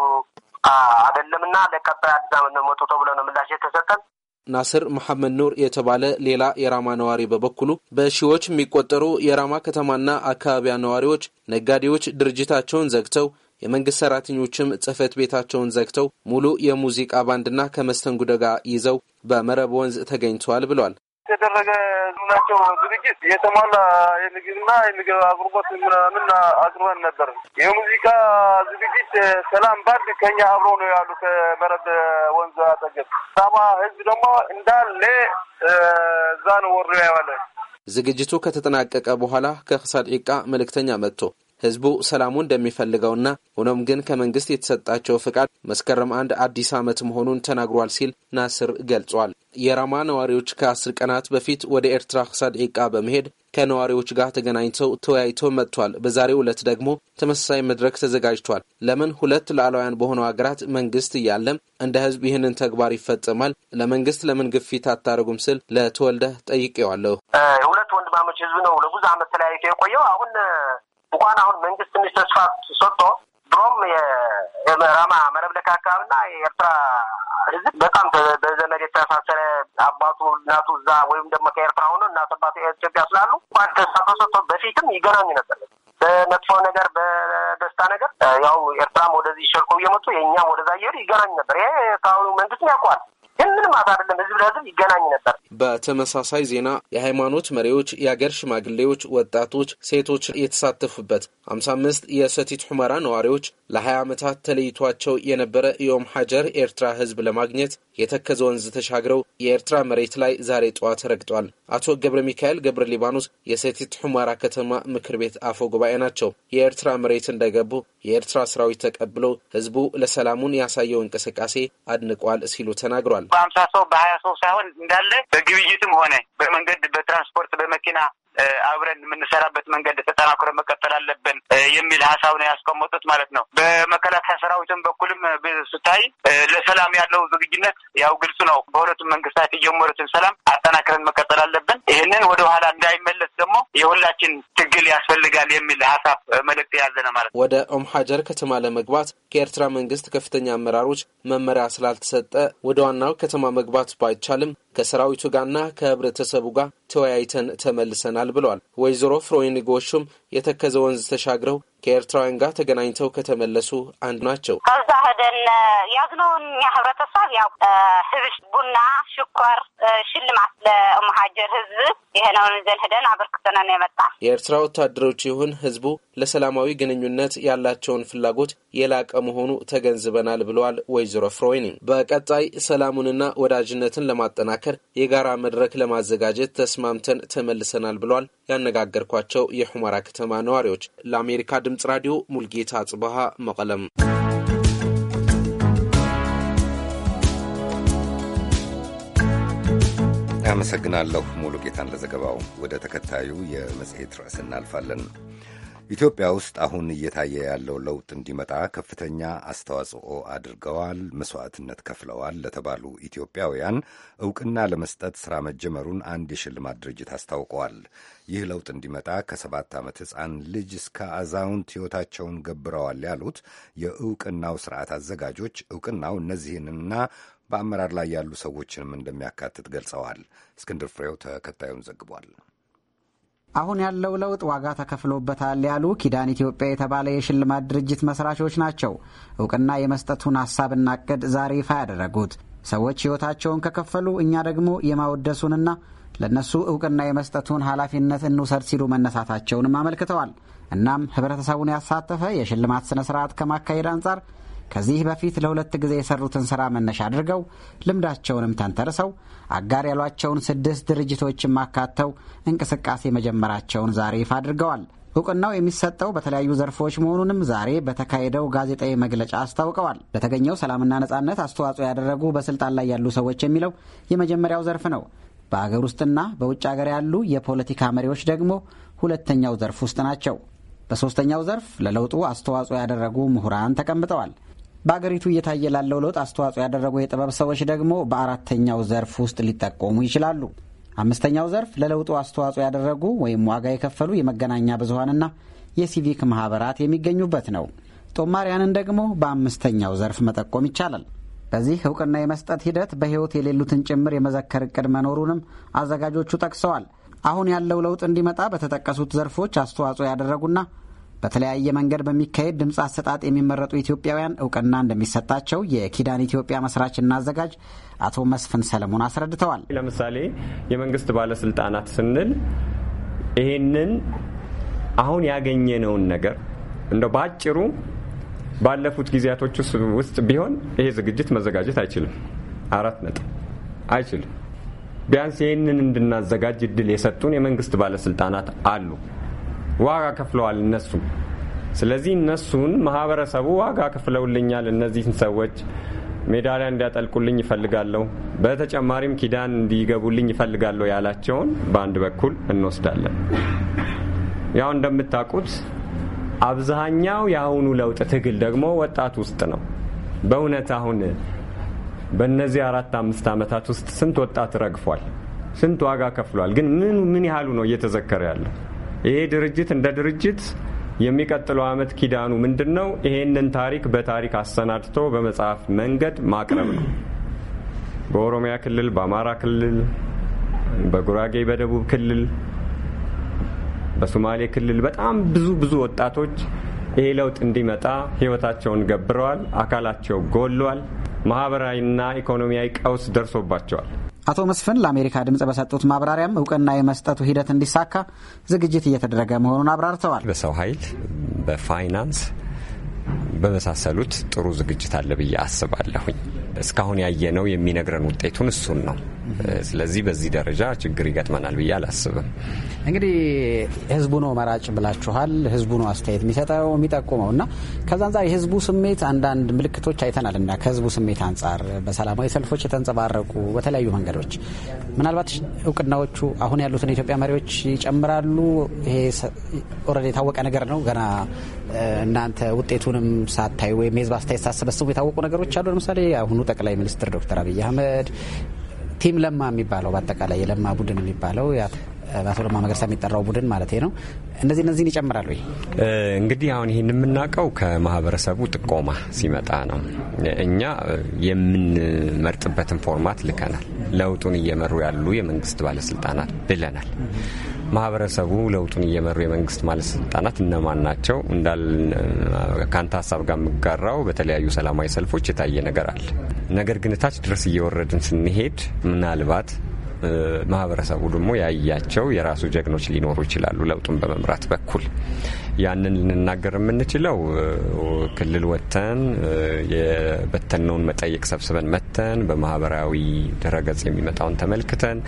አይደለም እና ለቀጣይ አዲስ ዓመት ነው መጡ ተብሎ ነው ምላሽ የተሰጠን። ናስር መሐመድ ኑር የተባለ ሌላ የራማ ነዋሪ በበኩሉ በሺዎች የሚቆጠሩ የራማ ከተማና አካባቢያ ነዋሪዎች ነጋዴዎች ድርጅታቸውን ዘግተው የመንግስት ሰራተኞችም ጽህፈት ቤታቸውን ዘግተው ሙሉ የሙዚቃ ባንድና ከመስተንጉዶ ጋር ይዘው በመረብ ወንዝ ተገኝተዋል ብሏል። የተደረገ ናቸው ዝግጅት የተሟላ የምግብና የምግብ አቅርቦት ምን አቅርበን ነበር። የሙዚቃ ዝግጅት ሰላም ባንድ ከኛ አብሮ ነው ያሉ ከመረብ ወንዝ አጠገብ ሳማ ህዝብ ደግሞ እንዳለ እዛ ነው ወርዶ ያዋለ። ዝግጅቱ ከተጠናቀቀ በኋላ ዒቃ መልእክተኛ መጥቶ ህዝቡ ሰላሙ እንደሚፈልገውና ሆኖም ግን ከመንግስት የተሰጣቸው ፍቃድ መስከረም አንድ አዲስ ዓመት መሆኑን ተናግሯል ሲል ናስር ገልጿል። የራማ ነዋሪዎች ከአስር ቀናት በፊት ወደ ኤርትራ ሳድዒቃ በመሄድ ከነዋሪዎች ጋር ተገናኝተው ተወያይቶ መጥቷል። በዛሬው ዕለት ደግሞ ተመሳሳይ መድረክ ተዘጋጅቷል። ለምን ሁለት ሉዓላውያን በሆነው ሀገራት መንግስት እያለም እንደ ህዝብ ይህንን ተግባር ይፈጸማል። ለመንግስት ለምን ግፊት አታደርጉም? ስል ለተወልደ ጠይቄዋለሁ። ሁለት ወንድማሞች ህዝብ ነው ለብዙ አመት ተለያይቶ የቆየው አሁን እንኳን አሁን መንግስት ትንሽ ተስፋ ሰጥቶ ድሮም የራማ መረብ ለካ አካባቢና የኤርትራ ህዝብ በጣም በዘመድ የተሳሰረ አባቱ እናቱ እዛ ወይም ደግሞ ከኤርትራ ሆኖ እናቱ አባቱ ኢትዮጵያ ስላሉ እንኳን ተስፋ ተሰጥቶ በፊትም ይገናኙ ነበር። በመጥፎ ነገር፣ በደስታ ነገር ያው ኤርትራም ወደዚህ ሸልኮ እየመጡ የእኛም ወደዛ እየሄዱ ይገናኙ ነበር። ይሄ ከአሁኑ መንግስት ያውቀዋል። ምንም ማለት ህዝብ ለህዝብ ይገናኝ ነበር። በተመሳሳይ ዜና የሃይማኖት መሪዎች፣ የአገር ሽማግሌዎች፣ ወጣቶች፣ ሴቶች የተሳተፉበት ሀምሳ አምስት የሰቲት ሁመራ ነዋሪዎች ለሀያ ዓመታት ተለይቷቸው የነበረ የኦም ሀጀር ኤርትራ ህዝብ ለማግኘት የተከዘ ወንዝ ተሻግረው የኤርትራ መሬት ላይ ዛሬ ጠዋት ረግጧል። አቶ ገብረ ሚካኤል ገብረ ሊባኖስ የሴቲት ሑመራ ከተማ ምክር ቤት አፈ ጉባኤ ናቸው። የኤርትራ መሬት እንደገቡ የኤርትራ ሰራዊት ተቀብሎ ህዝቡ ለሰላሙን ያሳየው እንቅስቃሴ አድንቋል ሲሉ ተናግሯል። በሀምሳ ሰው በሀያ ሰው ሳይሆን እንዳለ በግብይትም ሆነ በመንገድ በትራንስፖርት በመኪና አብረን የምንሰራበት መንገድ ተጠናክሮ መቀጠል አለብን የሚል ሀሳብ ነው ያስቀመጡት ማለት ነው። በመከላከያ ሰራዊትን በኩልም ስታይ ለሰላም ያለው ዝግጅነት ያው ግልጽ ነው። በሁለቱም መንግስታት የጀመሩትን ሰላም አጠናክረን መቀጠል አለብን። ይህንን ወደ ኋላ እንዳይመለስ ደግሞ የሁላችን ትግል ያስፈልጋል የሚል ሀሳብ መልእክት የያዘ ነው ማለት ነው። ወደ ኦም ሀጀር ከተማ ለመግባት ከኤርትራ መንግስት ከፍተኛ አመራሮች መመሪያ ስላልተሰጠ ወደ ዋናው ከተማ መግባት ባይቻልም ከሰራዊቱ ጋርና ከህብረተሰቡ ጋር ተወያይተን ተመልሰናል ብለዋል። ወይዘሮ ፍሮይንጎሹም የተከዘ ወንዝ ተሻግረው ከኤርትራውያን ጋር ተገናኝተው ከተመለሱ አንዱ ናቸው። ለዘን ያዝነውን ህብረተሰብ ያው ህብሽ፣ ቡና፣ ሽኳር ሽልማት ለመሀጀር ህዝብ የሆነውን ዘን ሂደን አበርክተን ነው የመጣ። የኤርትራ ወታደሮች ይሁን ህዝቡ ለሰላማዊ ግንኙነት ያላቸውን ፍላጎት የላቀ መሆኑ ተገንዝበናል ብለዋል ወይዘሮ ፍሮይኒ። በቀጣይ ሰላሙንና ወዳጅነትን ለማጠናከር የጋራ መድረክ ለማዘጋጀት ተስማምተን ተመልሰናል ብለዋል ያነጋገርኳቸው የሑመራ ከተማ ነዋሪዎች። ለአሜሪካ ድምጽ ራዲዮ ሙልጌታ ጽበሃ መቀለም አመሰግናለሁ ሙሉ ጌታን ለዘገባው። ወደ ተከታዩ የመጽሔት ርዕስ እናልፋለን። ኢትዮጵያ ውስጥ አሁን እየታየ ያለው ለውጥ እንዲመጣ ከፍተኛ አስተዋጽኦ አድርገዋል፣ መስዋዕትነት ከፍለዋል ለተባሉ ኢትዮጵያውያን እውቅና ለመስጠት ሥራ መጀመሩን አንድ የሽልማት ድርጅት አስታውቀዋል። ይህ ለውጥ እንዲመጣ ከሰባት ዓመት ሕፃን ልጅ እስከ አዛውንት ሕይወታቸውን ገብረዋል ያሉት የእውቅናው ሥርዓት አዘጋጆች እውቅናው እነዚህንና በአመራር ላይ ያሉ ሰዎችንም እንደሚያካትት ገልጸዋል። እስክንድር ፍሬው ተከታዩን ዘግቧል። አሁን ያለው ለውጥ ዋጋ ተከፍሎበታል ያሉ ኪዳን ኢትዮጵያ የተባለ የሽልማት ድርጅት መስራቾች ናቸው። እውቅና የመስጠቱን ሀሳብና እቅድ ዛሬ ይፋ ያደረጉት ሰዎች ሕይወታቸውን ከከፈሉ እኛ ደግሞ የማወደሱንና ለእነሱ እውቅና የመስጠቱን ኃላፊነት እንውሰድ ሲሉ መነሳታቸውንም አመልክተዋል። እናም ህብረተሰቡን ያሳተፈ የሽልማት ስነ ስርዓት ከማካሄድ አንጻር ከዚህ በፊት ለሁለት ጊዜ የሰሩትን ሥራ መነሻ አድርገው ልምዳቸውንም ተንተርሰው አጋር ያሏቸውን ስድስት ድርጅቶችም ማካተው እንቅስቃሴ መጀመራቸውን ዛሬ ይፋ አድርገዋል። እውቅናው የሚሰጠው በተለያዩ ዘርፎች መሆኑንም ዛሬ በተካሄደው ጋዜጣዊ መግለጫ አስታውቀዋል። ለተገኘው ሰላምና ነጻነት አስተዋጽኦ ያደረጉ በስልጣን ላይ ያሉ ሰዎች የሚለው የመጀመሪያው ዘርፍ ነው። በአገር ውስጥና በውጭ አገር ያሉ የፖለቲካ መሪዎች ደግሞ ሁለተኛው ዘርፍ ውስጥ ናቸው። በሦስተኛው ዘርፍ ለለውጡ አስተዋጽኦ ያደረጉ ምሁራን ተቀምጠዋል። በአገሪቱ እየታየ ላለው ለውጥ አስተዋጽኦ ያደረጉ የጥበብ ሰዎች ደግሞ በአራተኛው ዘርፍ ውስጥ ሊጠቆሙ ይችላሉ። አምስተኛው ዘርፍ ለለውጡ አስተዋጽኦ ያደረጉ ወይም ዋጋ የከፈሉ የመገናኛ ብዙሀንና የሲቪክ ማህበራት የሚገኙበት ነው። ጦማሪያንን ደግሞ በአምስተኛው ዘርፍ መጠቆም ይቻላል። በዚህ እውቅና የመስጠት ሂደት በሕይወት የሌሉትን ጭምር የመዘከር እቅድ መኖሩንም አዘጋጆቹ ጠቅሰዋል። አሁን ያለው ለውጥ እንዲመጣ በተጠቀሱት ዘርፎች አስተዋጽኦ ያደረጉና በተለያየ መንገድ በሚካሄድ ድምፅ አሰጣጥ የሚመረጡ ኢትዮጵያውያን እውቅና እንደሚሰጣቸው የኪዳን ኢትዮጵያ መስራችና አዘጋጅ አቶ መስፍን ሰለሞን አስረድተዋል። ለምሳሌ የመንግስት ባለስልጣናት ስንል ይህንን አሁን ያገኘነውን ነገር እንደ በአጭሩ ባለፉት ጊዜያቶች ውስጥ ቢሆን ይሄ ዝግጅት መዘጋጀት አይችልም። አራት ነጥብ አይችልም። ቢያንስ ይህንን እንድናዘጋጅ እድል የሰጡን የመንግስት ባለስልጣናት አሉ። ዋጋ ከፍለዋል እነሱ። ስለዚህ እነሱን ማህበረሰቡ ዋጋ ከፍለውልኛል፣ እነዚህን ሰዎች ሜዳሊያ እንዲያጠልቁልኝ ይፈልጋለሁ፣ በተጨማሪም ኪዳን እንዲገቡልኝ ይፈልጋለሁ ያላቸውን በአንድ በኩል እንወስዳለን። ያው እንደምታውቁት አብዛኛው የአሁኑ ለውጥ ትግል ደግሞ ወጣት ውስጥ ነው። በእውነት አሁን በእነዚህ አራት አምስት ዓመታት ውስጥ ስንት ወጣት ረግፏል፣ ስንት ዋጋ ከፍሏል። ግን ምን ምን ያህሉ ነው እየተዘከረ ያለው? ይሄ ድርጅት እንደ ድርጅት የሚቀጥለው ዓመት ኪዳኑ ምንድን ነው? ይሄንን ታሪክ በታሪክ አሰናድቶ በመጽሐፍ መንገድ ማቅረብ ነው። በኦሮሚያ ክልል፣ በአማራ ክልል፣ በጉራጌ፣ በደቡብ ክልል፣ በሶማሌ ክልል በጣም ብዙ ብዙ ወጣቶች ይሄ ለውጥ እንዲመጣ ህይወታቸውን ገብረዋል። አካላቸው ጎሏል። ማህበራዊና ኢኮኖሚያዊ ቀውስ ደርሶባቸዋል። አቶ መስፍን ለአሜሪካ ድምፅ በሰጡት ማብራሪያም እውቅና የመስጠቱ ሂደት እንዲሳካ ዝግጅት እየተደረገ መሆኑን አብራርተዋል። በሰው ኃይል፣ በፋይናንስ በመሳሰሉት ጥሩ ዝግጅት አለ ብዬ አስባለሁኝ። እስካሁን ያየነው የሚነግረን ውጤቱን እሱን ነው። ስለዚህ በዚህ ደረጃ ችግር ይገጥመናል ብዬ አላስብም። እንግዲህ ህዝቡ ነው መራጭ ብላችኋል። ህዝቡ ነው አስተያየት የሚሰጠው የሚጠቁመው እና ከዛ አንጻር የህዝቡ ስሜት አንዳንድ ምልክቶች አይተናል እና ከህዝቡ ስሜት አንጻር በሰላማዊ ሰልፎች የተንጸባረቁ በተለያዩ መንገዶች ምናልባት እውቅናዎቹ አሁን ያሉትን የኢትዮጵያ መሪዎች ይጨምራሉ። ይሄ ኦልሬዲ የታወቀ ነገር ነው ገና እናንተ ውጤቱንም ሳታዩ ወይም የህዝብ አስተያየት ሳሰበስቡ የታወቁ ነገሮች አሉ። ለምሳሌ አሁኑ ጠቅላይ ሚኒስትር ዶክተር አብይ አህመድ ቲም ለማ የሚባለው በአጠቃላይ የለማ ቡድን የሚባለው በአቶ ለማ መገርሳ የሚጠራው ቡድን ማለት ነው። እነዚህ እነዚህን ይጨምራሉ። እንግዲህ አሁን ይህን የምናውቀው ከማህበረሰቡ ጥቆማ ሲመጣ ነው። እኛ የምንመርጥበትን ፎርማት ልከናል። ለውጡን እየመሩ ያሉ የመንግስት ባለስልጣናት ብለናል። ማህበረሰቡ ለውጡን እየመሩ የመንግስት ባለስልጣናት እነማን ናቸው? እንዳል ከአንተ ሀሳብ ጋር የምጋራው በተለያዩ ሰላማዊ ሰልፎች የታየ ነገር አለ። ነገር ግን እታች ድረስ እየወረድን ስንሄድ ምናልባት ማህበረሰቡ ደግሞ ያያቸው የራሱ ጀግኖች ሊኖሩ ይችላሉ። ለውጡን በመምራት በኩል ያንን ልንናገር የምንችለው ክልል ወጥተን የበተንነውን መጠይቅ ሰብስበን መተን በማህበራዊ ድረገጽ የሚመጣውን ተመልክተን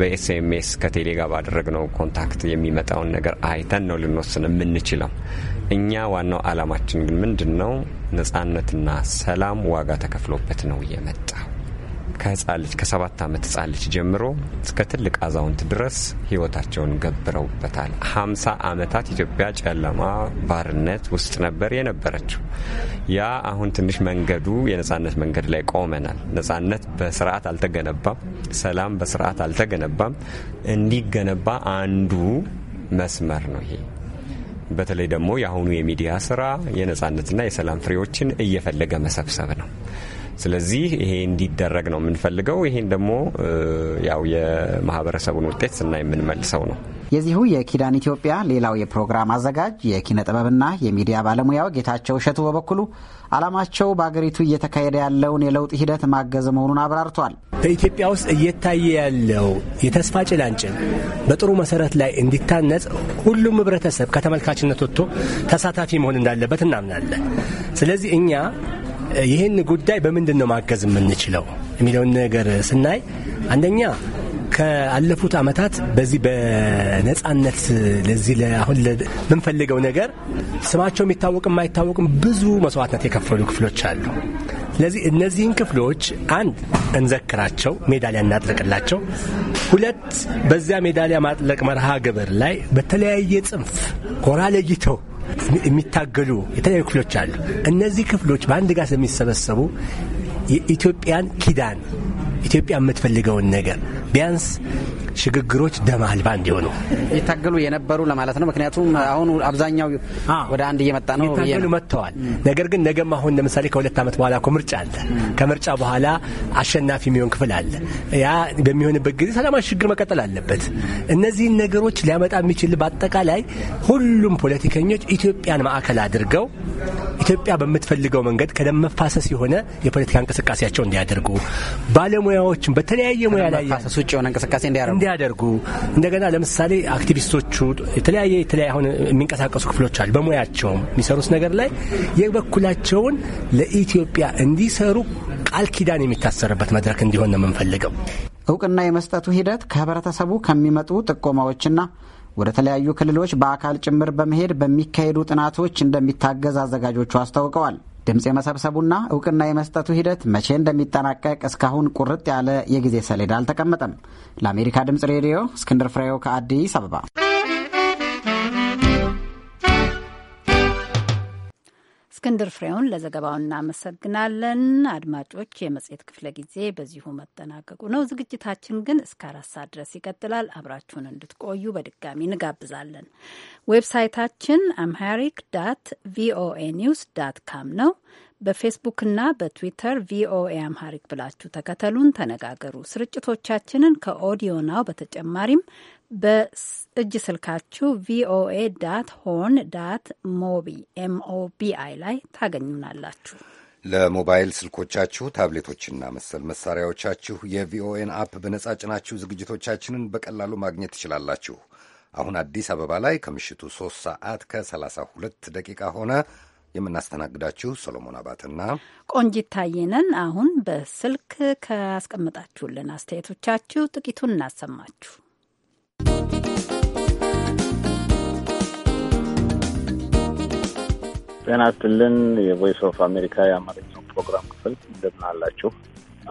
በኤስኤምኤስ ከቴሌ ጋር ባደረግነው ኮንታክት የሚመጣውን ነገር አይተን ነው ልንወስን የምንችለው። እኛ ዋናው አላማችን ግን ምንድን ነው? ነጻነትና ሰላም ዋጋ ተከፍሎበት ነው የመጣው። ከህፃን ልጅ ከሰባት ዓመት ህፃን ልጅ ጀምሮ እስከ ትልቅ አዛውንት ድረስ ህይወታቸውን ገብረውበታል። ሀምሳ ዓመታት ኢትዮጵያ ጨለማ ባርነት ውስጥ ነበር የነበረችው። ያ አሁን ትንሽ መንገዱ የነጻነት መንገድ ላይ ቆመናል። ነጻነት በስርዓት አልተገነባም። ሰላም በስርዓት አልተገነባም። እንዲገነባ አንዱ መስመር ነው ይሄ። በተለይ ደግሞ የአሁኑ የሚዲያ ስራ የነጻነትና የሰላም ፍሬዎችን እየፈለገ መሰብሰብ ነው። ስለዚህ ይሄ እንዲደረግ ነው የምንፈልገው። ይሄን ደግሞ ያው የማህበረሰቡን ውጤት ስናይ የምንመልሰው ነው። የዚሁ የኪዳን ኢትዮጵያ ሌላው የፕሮግራም አዘጋጅ የኪነ ጥበብና የሚዲያ ባለሙያው ጌታቸው እሸቱ በበኩሉ ዓላማቸው በአገሪቱ እየተካሄደ ያለውን የለውጥ ሂደት ማገዝ መሆኑን አብራርቷል። በኢትዮጵያ ውስጥ እየታየ ያለው የተስፋ ጭላንጭል በጥሩ መሰረት ላይ እንዲታነጽ ሁሉም ህብረተሰብ ከተመልካችነት ወጥቶ ተሳታፊ መሆን እንዳለበት እናምናለን። ስለዚህ እኛ ይህን ጉዳይ በምንድን ነው ማገዝ የምንችለው የሚለውን ነገር ስናይ አንደኛ ከአለፉት ዓመታት በዚህ በነጻነት ለዚህ አሁን ለምንፈልገው ነገር ስማቸው የሚታወቅ የማይታወቅም ብዙ መስዋዕትነት የከፈሉ ክፍሎች አሉ። ስለዚህ እነዚህን ክፍሎች አንድ እንዘክራቸው፣ ሜዳሊያ እናጥለቅላቸው። ሁለት በዚያ ሜዳሊያ ማጥለቅ መርሃ ግብር ላይ በተለያየ ጽንፍ ጎራ ለይተው የሚታገሉ የተለያዩ ክፍሎች አሉ። እነዚህ ክፍሎች በአንድ ጋር ስለሚሰበሰቡ የኢትዮጵያን ኪዳን ኢትዮጵያ የምትፈልገውን ነገር ቢያንስ ሽግግሮች ደም አልባ እንዲሆኑ ይታገሉ የነበሩ ለማለት ነው። ምክንያቱም አሁን አብዛኛው ወደ አንድ እየመጣ ነው። ይታገሉ መጥተዋል። ነገር ግን ነገም አሁን ለምሳሌ ከሁለት ዓመት በኋላ እኮ ምርጫ አለ። ከምርጫ በኋላ አሸናፊ የሚሆን ክፍል አለ። ያ በሚሆንበት ጊዜ ሰላማዊ ሽግግር መቀጠል አለበት። እነዚህን ነገሮች ሊያመጣ የሚችል በአጠቃላይ ሁሉም ፖለቲከኞች ኢትዮጵያን ማዕከል አድርገው ኢትዮጵያ በምትፈልገው መንገድ ከደም መፋሰስ የሆነ የፖለቲካ እንቅስቃሴያቸው እንዲያደርጉ ባለሙያዎችን በተለያየ ሙያ ላይ ውጭ የሆነ እንቅስቃሴ እንዲያደርጉ እንዲያደርጉ እንደገና ለምሳሌ አክቲቪስቶቹ የተለያየ የተለያየ አሁን የሚንቀሳቀሱ ክፍሎች አሉ። በሙያቸውም የሚሰሩት ነገር ላይ የበኩላቸውን ለኢትዮጵያ እንዲሰሩ ቃል ኪዳን የሚታሰርበት መድረክ እንዲሆን ነው የምንፈልገው። እውቅና የመስጠቱ ሂደት ከህብረተሰቡ ከሚመጡ ጥቆማዎችና ወደ ተለያዩ ክልሎች በአካል ጭምር በመሄድ በሚካሄዱ ጥናቶች እንደሚታገዝ አዘጋጆቹ አስታውቀዋል። ድምፅ የመሰብሰቡና እውቅና የመስጠቱ ሂደት መቼ እንደሚጠናቀቅ እስካሁን ቁርጥ ያለ የጊዜ ሰሌዳ አልተቀመጠም። ለአሜሪካ ድምፅ ሬዲዮ እስክንድር ፍሬው ከአዲስ አበባ እስክንድር ፍሬውን ለዘገባው እናመሰግናለን። አድማጮች፣ የመጽሔት ክፍለ ጊዜ በዚሁ መጠናቀቁ ነው። ዝግጅታችን ግን እስከ አራት ሰዓት ድረስ ይቀጥላል። አብራችሁን እንድትቆዩ በድጋሚ እንጋብዛለን። ዌብሳይታችን አምሃሪክ ዳት ቪኦኤ ኒውስ ዳት ካም ነው። በፌስቡክና በትዊተር ቪኦኤ አምሃሪክ ብላችሁ ተከተሉን፣ ተነጋገሩ። ስርጭቶቻችንን ከኦዲዮ ናው በተጨማሪም በስ እጅ ስልካችሁ ቪኦኤ ዳት ሆን ዳት ሞቢ ኤምኦቢአይ ላይ ታገኙናላችሁ። ለሞባይል ስልኮቻችሁ ታብሌቶችና መሰል መሳሪያዎቻችሁ የቪኦኤን አፕ በነጻ ጭናችሁ ዝግጅቶቻችንን በቀላሉ ማግኘት ትችላላችሁ። አሁን አዲስ አበባ ላይ ከምሽቱ 3 ሰዓት ከ32 ደቂቃ ሆነ። የምናስተናግዳችሁ ሰሎሞን አባትና ቆንጂት ታየነን። አሁን በስልክ ከያስቀምጣችሁልን አስተያየቶቻችሁ ጥቂቱን እናሰማችሁ። ጤና ይስጥልን። የቮይስ ኦፍ አሜሪካ የአማርኛው ፕሮግራም ክፍል እንደምን አላችሁ?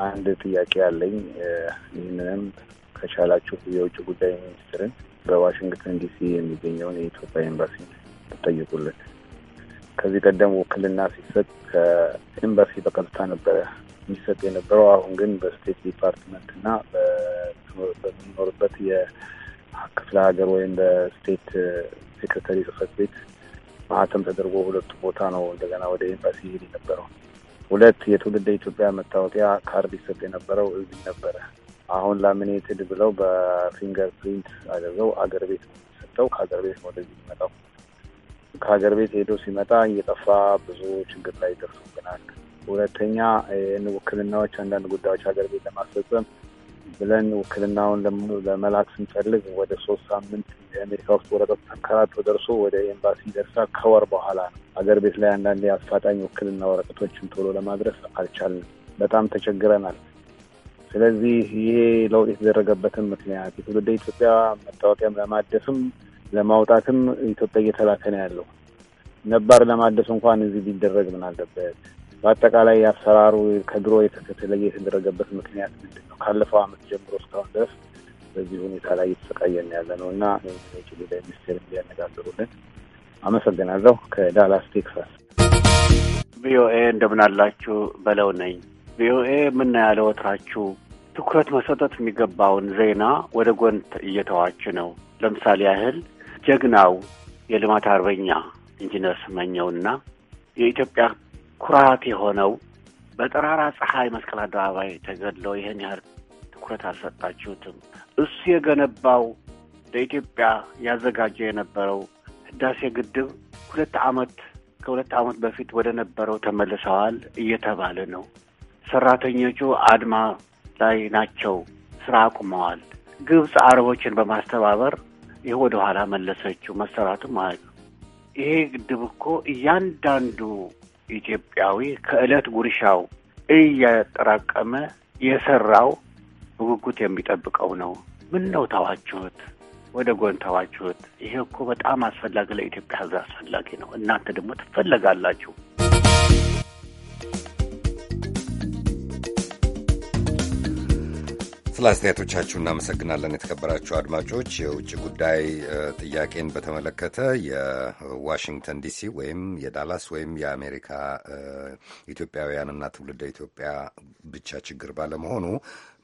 አንድ ጥያቄ ያለኝ ይህንንም ከቻላችሁ የውጭ ጉዳይ ሚኒስትርን በዋሽንግተን ዲሲ የሚገኘውን የኢትዮጵያ ኤምባሲ ትጠይቁልን። ከዚህ ቀደም ውክልና ሲሰጥ ከኤምባሲ በቀጥታ ነበረ የሚሰጥ የነበረው። አሁን ግን በስቴት ዲፓርትመንት እና በምንኖርበት የክፍለ ሀገር ወይም በስቴት ሴክሬታሪ ጽፈት ቤት ማህተም ተደርጎ ሁለቱ ቦታ ነው እንደገና ወደ ኤምባሲ ይሄድ የነበረው። ሁለት የትውልደ ኢትዮጵያ መታወቂያ ካርድ ይሰጥ የነበረው እዚህ ነበረ። አሁን ላሚኔትድ ብለው በፊንገር ፕሪንት አደረገው። አገር ቤት ነው የሚሰጠው። ቤት ነው ወደዚህ የሚመጣው። ከሀገር ቤት ሄዶ ሲመጣ እየጠፋ ብዙ ችግር ላይ ደርሶብናል። ሁለተኛ ውክልናዎች አንዳንድ ጉዳዮች ሀገር ቤት ለማስፈጸም ብለን ውክልናውን ለመላክ ስንፈልግ ወደ ሶስት ሳምንት የአሜሪካ ውስጥ ወረቀት ተንከራቶ ደርሶ ወደ ኤምባሲ ደርሳ ከወር በኋላ ነው። አገር ቤት ላይ አንዳንድ የአፋጣኝ ውክልና ወረቀቶችን ቶሎ ለማድረስ አልቻልንም። በጣም ተቸግረናል። ስለዚህ ይሄ ለውጥ የተደረገበትን ምክንያት የትውልደ ኢትዮጵያ መታወቂያም ለማደስም ለማውጣትም ኢትዮጵያ እየተላከ ነው ያለው። ነባር ለማደስ እንኳን እዚህ ቢደረግ ምን አለበት? በአጠቃላይ አሰራሩ ከድሮ የተለየ የተደረገበት ምክንያት ምንድን ነው? ካለፈው ዓመት ጀምሮ እስካሁን ድረስ በዚህ ሁኔታ ላይ እየተሰቃየን ያለ ነው እና ች ጉዳይ ሚኒስቴር እንዲያነጋግሩልን አመሰግናለሁ። ከዳላስ ቴክሳስ ቪኦኤ እንደምናላችሁ በለው ነኝ። ቪኦኤ ምነው ያለ ወትራችሁ ትኩረት መሰጠት የሚገባውን ዜና ወደ ጎን እየተዋች ነው። ለምሳሌ ያህል ጀግናው የልማት አርበኛ ኢንጂነር ስመኘውና የኢትዮጵያ ኩራት የሆነው በጠራራ ፀሐይ መስቀል አደባባይ ተገድለው ይህን ያህል ትኩረት አልሰጣችሁትም። እሱ የገነባው ለኢትዮጵያ ያዘጋጀ የነበረው ህዳሴ ግድብ ሁለት ዓመት ከሁለት ዓመት በፊት ወደ ነበረው ተመልሰዋል እየተባለ ነው። ሰራተኞቹ አድማ ላይ ናቸው፣ ስራ አቁመዋል። ግብፅ አረቦችን በማስተባበር ይህ ወደ ኋላ መለሰችው መሰራቱ ማለት ነው። ይሄ ግድብ እኮ እያንዳንዱ ኢትዮጵያዊ ከዕለት ጉርሻው እያጠራቀመ የሰራው በጉጉት የሚጠብቀው ነው። ምን ነው ታዋችሁት፣ ወደ ጎን ታዋችሁት። ይሄ እኮ በጣም አስፈላጊ ለኢትዮጵያ ሕዝብ አስፈላጊ ነው። እናንተ ደግሞ ትፈለጋላችሁ። ስለ አስተያየቶቻችሁ እናመሰግናለን። የተከበራችሁ አድማጮች የውጭ ጉዳይ ጥያቄን በተመለከተ የዋሽንግተን ዲሲ ወይም የዳላስ ወይም የአሜሪካ ኢትዮጵያውያንና ትውልደ ኢትዮጵያ ብቻ ችግር ባለመሆኑ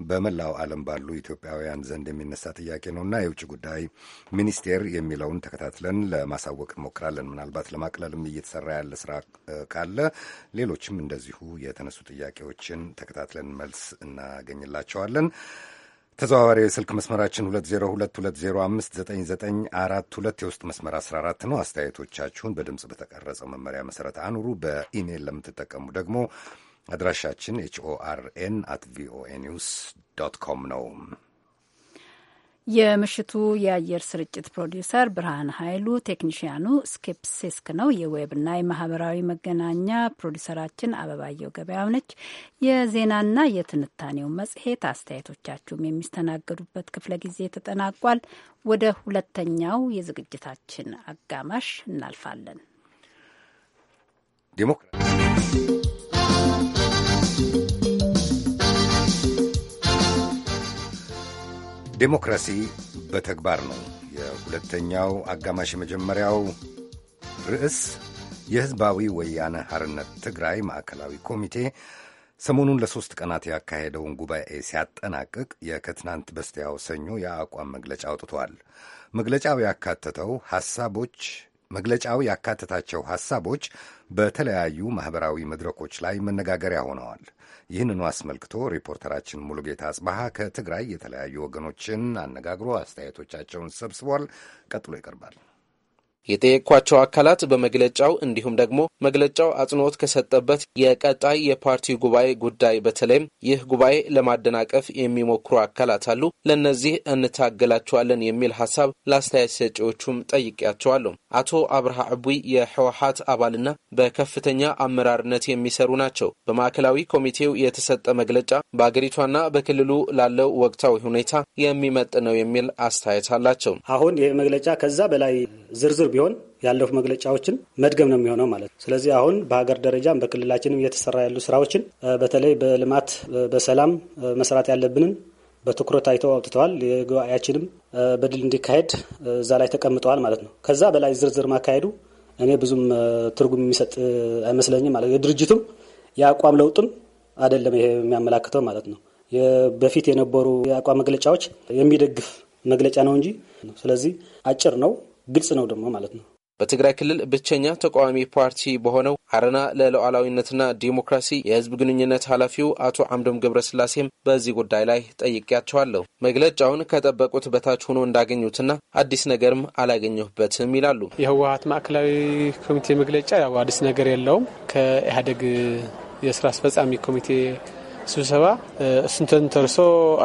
በመላው ዓለም ባሉ ኢትዮጵያውያን ዘንድ የሚነሳ ጥያቄ ነውና የውጭ ጉዳይ ሚኒስቴር የሚለውን ተከታትለን ለማሳወቅ እንሞክራለን። ምናልባት ለማቅለልም እየተሰራ ያለ ስራ ካለ ሌሎችም እንደዚሁ የተነሱ ጥያቄዎችን ተከታትለን መልስ እናገኝላቸዋለን። ተዘዋዋሪ የስልክ መስመራችን 2022059942 የውስጥ መስመር 14 ነው። አስተያየቶቻችሁን በድምፅ በተቀረጸው መመሪያ መሰረት አኑሩ። በኢሜይል ለምትጠቀሙ ደግሞ አድራሻችን ኤችኦአርኤን አት ቪኦኤ ኒውስ ዶት ኮም ነው። የምሽቱ የአየር ስርጭት ፕሮዲውሰር ብርሃን ኃይሉ፣ ቴክኒሽያኑ ስኬፕ ሴስክ ነው። የዌብና የማህበራዊ መገናኛ ፕሮዲውሰራችን አበባየው ገበያው ነች። የዜናና የትንታኔው መጽሔት አስተያየቶቻችሁም የሚስተናገዱበት ክፍለ ጊዜ ተጠናቋል። ወደ ሁለተኛው የዝግጅታችን አጋማሽ እናልፋለን። ዲሞክራሲ ዴሞክራሲ በተግባር ነው የሁለተኛው አጋማሽ የመጀመሪያው ርዕስ የህዝባዊ ወያነ ሐርነት ትግራይ ማዕከላዊ ኮሚቴ ሰሞኑን ለሦስት ቀናት ያካሄደውን ጉባኤ ሲያጠናቅቅ የከትናንት በስቲያው ሰኞ የአቋም መግለጫ አውጥቷል። መግለጫው ያካተተው ሐሳቦች መግለጫው ያካተታቸው ሐሳቦች በተለያዩ ማኅበራዊ መድረኮች ላይ መነጋገሪያ ሆነዋል። ይህንኑ አስመልክቶ ሪፖርተራችን ሙሉጌታ አጽባሃ ከትግራይ የተለያዩ ወገኖችን አነጋግሮ አስተያየቶቻቸውን ሰብስቧል። ቀጥሎ ይቀርባል። የጠየኳቸው አካላት በመግለጫው እንዲሁም ደግሞ መግለጫው አጽንኦት ከሰጠበት የቀጣይ የፓርቲ ጉባኤ ጉዳይ በተለይም ይህ ጉባኤ ለማደናቀፍ የሚሞክሩ አካላት አሉ፣ ለእነዚህ እንታገላቸዋለን የሚል ሀሳብ ለአስተያየት ሰጪዎቹም ጠይቄያቸዋለሁ። አቶ አብርሃ ዕቡይ የህወሀት አባልና በከፍተኛ አመራርነት የሚሰሩ ናቸው። በማዕከላዊ ኮሚቴው የተሰጠ መግለጫ በአገሪቷና በክልሉ ላለው ወቅታዊ ሁኔታ የሚመጥ ነው የሚል አስተያየት አላቸው። አሁን ይህ መግለጫ ከዛ በላይ ዝርዝር ቢሆን ያለፉ መግለጫዎችን መድገም ነው የሚሆነው ማለት ነው። ስለዚህ አሁን በሀገር ደረጃም በክልላችንም እየተሰራ ያሉ ስራዎችን በተለይ በልማት በሰላም መስራት ያለብንን በትኩረት አይተው አውጥተዋል። የጉባኤያችንም በድል እንዲካሄድ እዛ ላይ ተቀምጠዋል ማለት ነው። ከዛ በላይ ዝርዝር ማካሄዱ እኔ ብዙም ትርጉም የሚሰጥ አይመስለኝም ማለት የድርጅቱም የአቋም ለውጥም አይደለም ይሄ የሚያመላክተው ማለት ነው። በፊት የነበሩ የአቋም መግለጫዎች የሚደግፍ መግለጫ ነው እንጂ ስለዚህ አጭር ነው። ግልጽ ነው ደግሞ ማለት ነው። በትግራይ ክልል ብቸኛ ተቃዋሚ ፓርቲ በሆነው አረና ለሉዓላዊነትና ዲሞክራሲ የህዝብ ግንኙነት ኃላፊው አቶ አምዶም ገብረስላሴም በዚህ ጉዳይ ላይ ጠይቄያቸዋለሁ። መግለጫውን ከጠበቁት በታች ሆኖ እንዳገኙትና አዲስ ነገርም አላገኘሁበትም ይላሉ። የህወሀት ማዕከላዊ ኮሚቴ መግለጫ ያው አዲስ ነገር የለውም። ከኢህአዴግ የስራ አስፈጻሚ ኮሚቴ ስብሰባ እሱንተን ተርሶ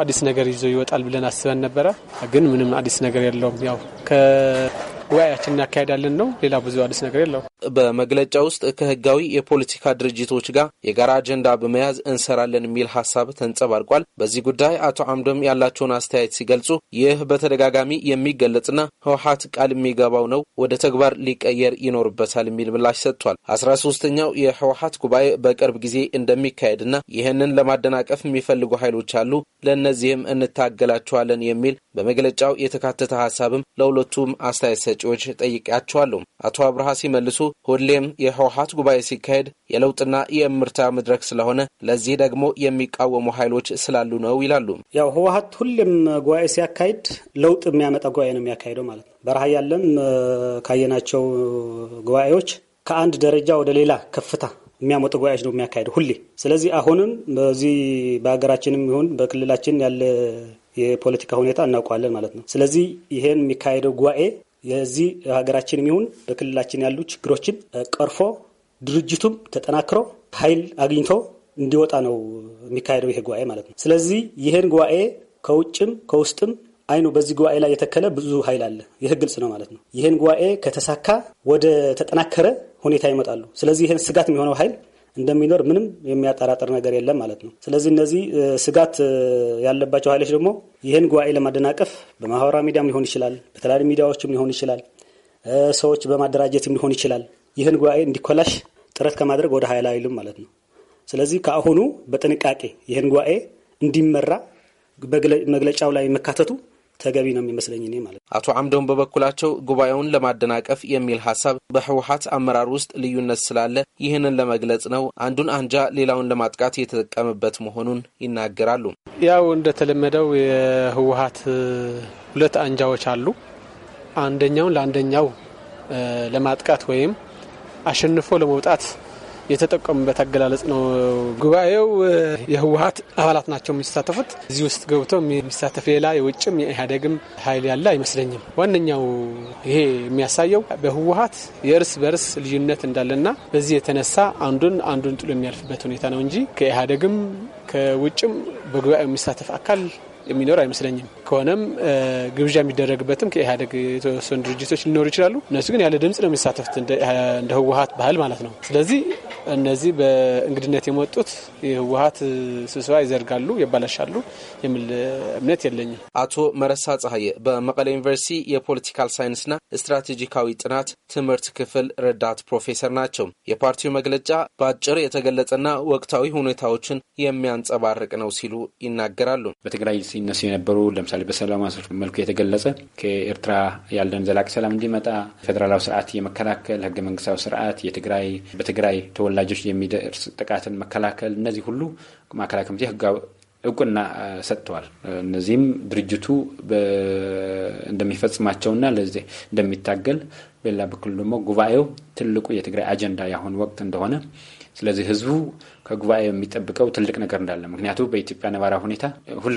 አዲስ ነገር ይዞ ይወጣል ብለን አስበን ነበረ። ግን ምንም አዲስ ነገር የለውም ያው ጉባኤያችን እናካሄዳለን ነው። ሌላ ብዙ አዲስ ነገር የለው። በመግለጫ ውስጥ ከህጋዊ የፖለቲካ ድርጅቶች ጋር የጋራ አጀንዳ በመያዝ እንሰራለን የሚል ሀሳብ ተንጸባርቋል። በዚህ ጉዳይ አቶ አምዶም ያላቸውን አስተያየት ሲገልጹ ይህ በተደጋጋሚ የሚገለጽና ህወሀት ቃል የሚገባው ነው ወደ ተግባር ሊቀየር ይኖርበታል የሚል ምላሽ ሰጥቷል። አስራ ሶስተኛው የህወሀት ጉባኤ በቅርብ ጊዜ እንደሚካሄድና ይህንን ለማደናቀፍ የሚፈልጉ ኃይሎች አሉ፣ ለእነዚህም እንታገላቸዋለን የሚል በመግለጫው የተካተተ ሀሳብም ለሁለቱም አስተያየት መጪዎች ጠይቄያቸዋለሁ። አቶ አብርሃ ሲመልሱ ሁሌም የህወሀት ጉባኤ ሲካሄድ የለውጥና የእምርታ መድረክ ስለሆነ ለዚህ ደግሞ የሚቃወሙ ኃይሎች ስላሉ ነው ይላሉ። ያው ህወሀት ሁሌም ጉባኤ ሲያካሂድ ለውጥ የሚያመጣ ጉባኤ ነው የሚያካሄደው ማለት ነው። በረሃ ያለም ካየናቸው ጉባኤዎች ከአንድ ደረጃ ወደ ሌላ ከፍታ የሚያመጡ ጉባኤዎች ነው የሚያካሄደው ሁሌ። ስለዚህ አሁንም በዚህ በሀገራችንም ይሁን በክልላችን ያለ የፖለቲካ ሁኔታ እናውቀዋለን ማለት ነው። ስለዚህ ይሄን የሚካሄደው ጉባኤ የዚህ ሀገራችን የሚሆን በክልላችን ያሉ ችግሮችን ቀርፎ ድርጅቱም ተጠናክሮ ኃይል አግኝቶ እንዲወጣ ነው የሚካሄደው ይሄ ጉባኤ ማለት ነው። ስለዚህ ይህን ጉባኤ ከውጭም ከውስጥም አይኑ በዚህ ጉባኤ ላይ የተከለ ብዙ ኃይል አለ። ይህ ግልጽ ነው ማለት ነው። ይህን ጉባኤ ከተሳካ ወደ ተጠናከረ ሁኔታ ይመጣሉ። ስለዚህ ይህን ስጋት የሚሆነው ኃይል እንደሚኖር ምንም የሚያጠራጥር ነገር የለም ማለት ነው። ስለዚህ እነዚህ ስጋት ያለባቸው ኃይሎች ደግሞ ይህን ጉባኤ ለማደናቀፍ በማህበራዊ ሚዲያም ሊሆን ይችላል፣ በተለያዩ ሚዲያዎችም ሊሆን ይችላል፣ ሰዎች በማደራጀትም ሊሆን ይችላል። ይህን ጉባኤ እንዲኮላሽ ጥረት ከማድረግ ወደ ኃይል አይሉም ማለት ነው። ስለዚህ ከአሁኑ በጥንቃቄ ይህን ጉባኤ እንዲመራ በመግለጫው ላይ መካተቱ ተገቢ ነው የሚመስለኝ እኔ ማለት ነው። አቶ አምደውን በበኩላቸው ጉባኤውን ለማደናቀፍ የሚል ሀሳብ በህወሀት አመራር ውስጥ ልዩነት ስላለ ይህንን ለመግለጽ ነው አንዱን አንጃ ሌላውን ለማጥቃት የተጠቀመበት መሆኑን ይናገራሉ። ያው እንደተለመደው የህወሀት ሁለት አንጃዎች አሉ። አንደኛውን ለአንደኛው ለማጥቃት ወይም አሸንፎ ለመውጣት የተጠቀሙበት አገላለጽ ነው። ጉባኤው የህወሀት አባላት ናቸው የሚሳተፉት። እዚህ ውስጥ ገብተው የሚሳተፍ ሌላ የውጭም የኢህአዴግም ኃይል ያለ አይመስለኝም። ዋነኛው ይሄ የሚያሳየው በህወሀት የእርስ በርስ ልዩነት እንዳለና በዚህ የተነሳ አንዱን አንዱን ጥሎ የሚያልፍበት ሁኔታ ነው እንጂ ከኢህአዴግም ከውጭም በጉባኤው የሚሳተፍ አካል የሚኖር አይመስለኝም። ከሆነም ግብዣ የሚደረግበትም ከኢህአዴግ የተወሰኑ ድርጅቶች ሊኖሩ ይችላሉ። እነሱ ግን ያለ ድምጽ ነው የሚሳተፉት እንደ ህወሀት ባህል ማለት ነው። ስለዚህ እነዚህ በእንግድነት የመጡት የህወሀት ስብሰባ ይዘርጋሉ፣ ይባላሻሉ የሚል እምነት የለኝም። አቶ መረሳ ጸሐየ በመቀለ ዩኒቨርሲቲ የፖለቲካል ሳይንስና ስትራቴጂካዊ ጥናት ትምህርት ክፍል ረዳት ፕሮፌሰር ናቸው። የፓርቲው መግለጫ በአጭር የተገለጸና ወቅታዊ ሁኔታዎችን የሚያንጸባርቅ ነው ሲሉ ይናገራሉ። በትግራይ ሲነሱ የነበሩ ለምሳሌ ለምሳሌ በሰላማዊ ሰልፍ መልኩ የተገለጸ ከኤርትራ ያለን ዘላቂ ሰላም እንዲመጣ ፌዴራላዊ ስርዓት የመከላከል ህገ መንግስታዊ ስርዓት የትግራይ በትግራይ ተወላጆች የሚደርስ ጥቃትን መከላከል እነዚህ ሁሉ ማዕከላዊ ኮሚቴ ህጋዊ እውቅና ሰጥተዋል። እነዚህም ድርጅቱ እንደሚፈጽማቸውና ለዚህ እንደሚታገል፣ በሌላ በኩል ደግሞ ጉባኤው ትልቁ የትግራይ አጀንዳ ያሁን ወቅት እንደሆነ ስለዚህ ህዝቡ ከጉባኤ የሚጠብቀው ትልቅ ነገር እንዳለ ምክንያቱ በኢትዮጵያ ነባራ ሁኔታ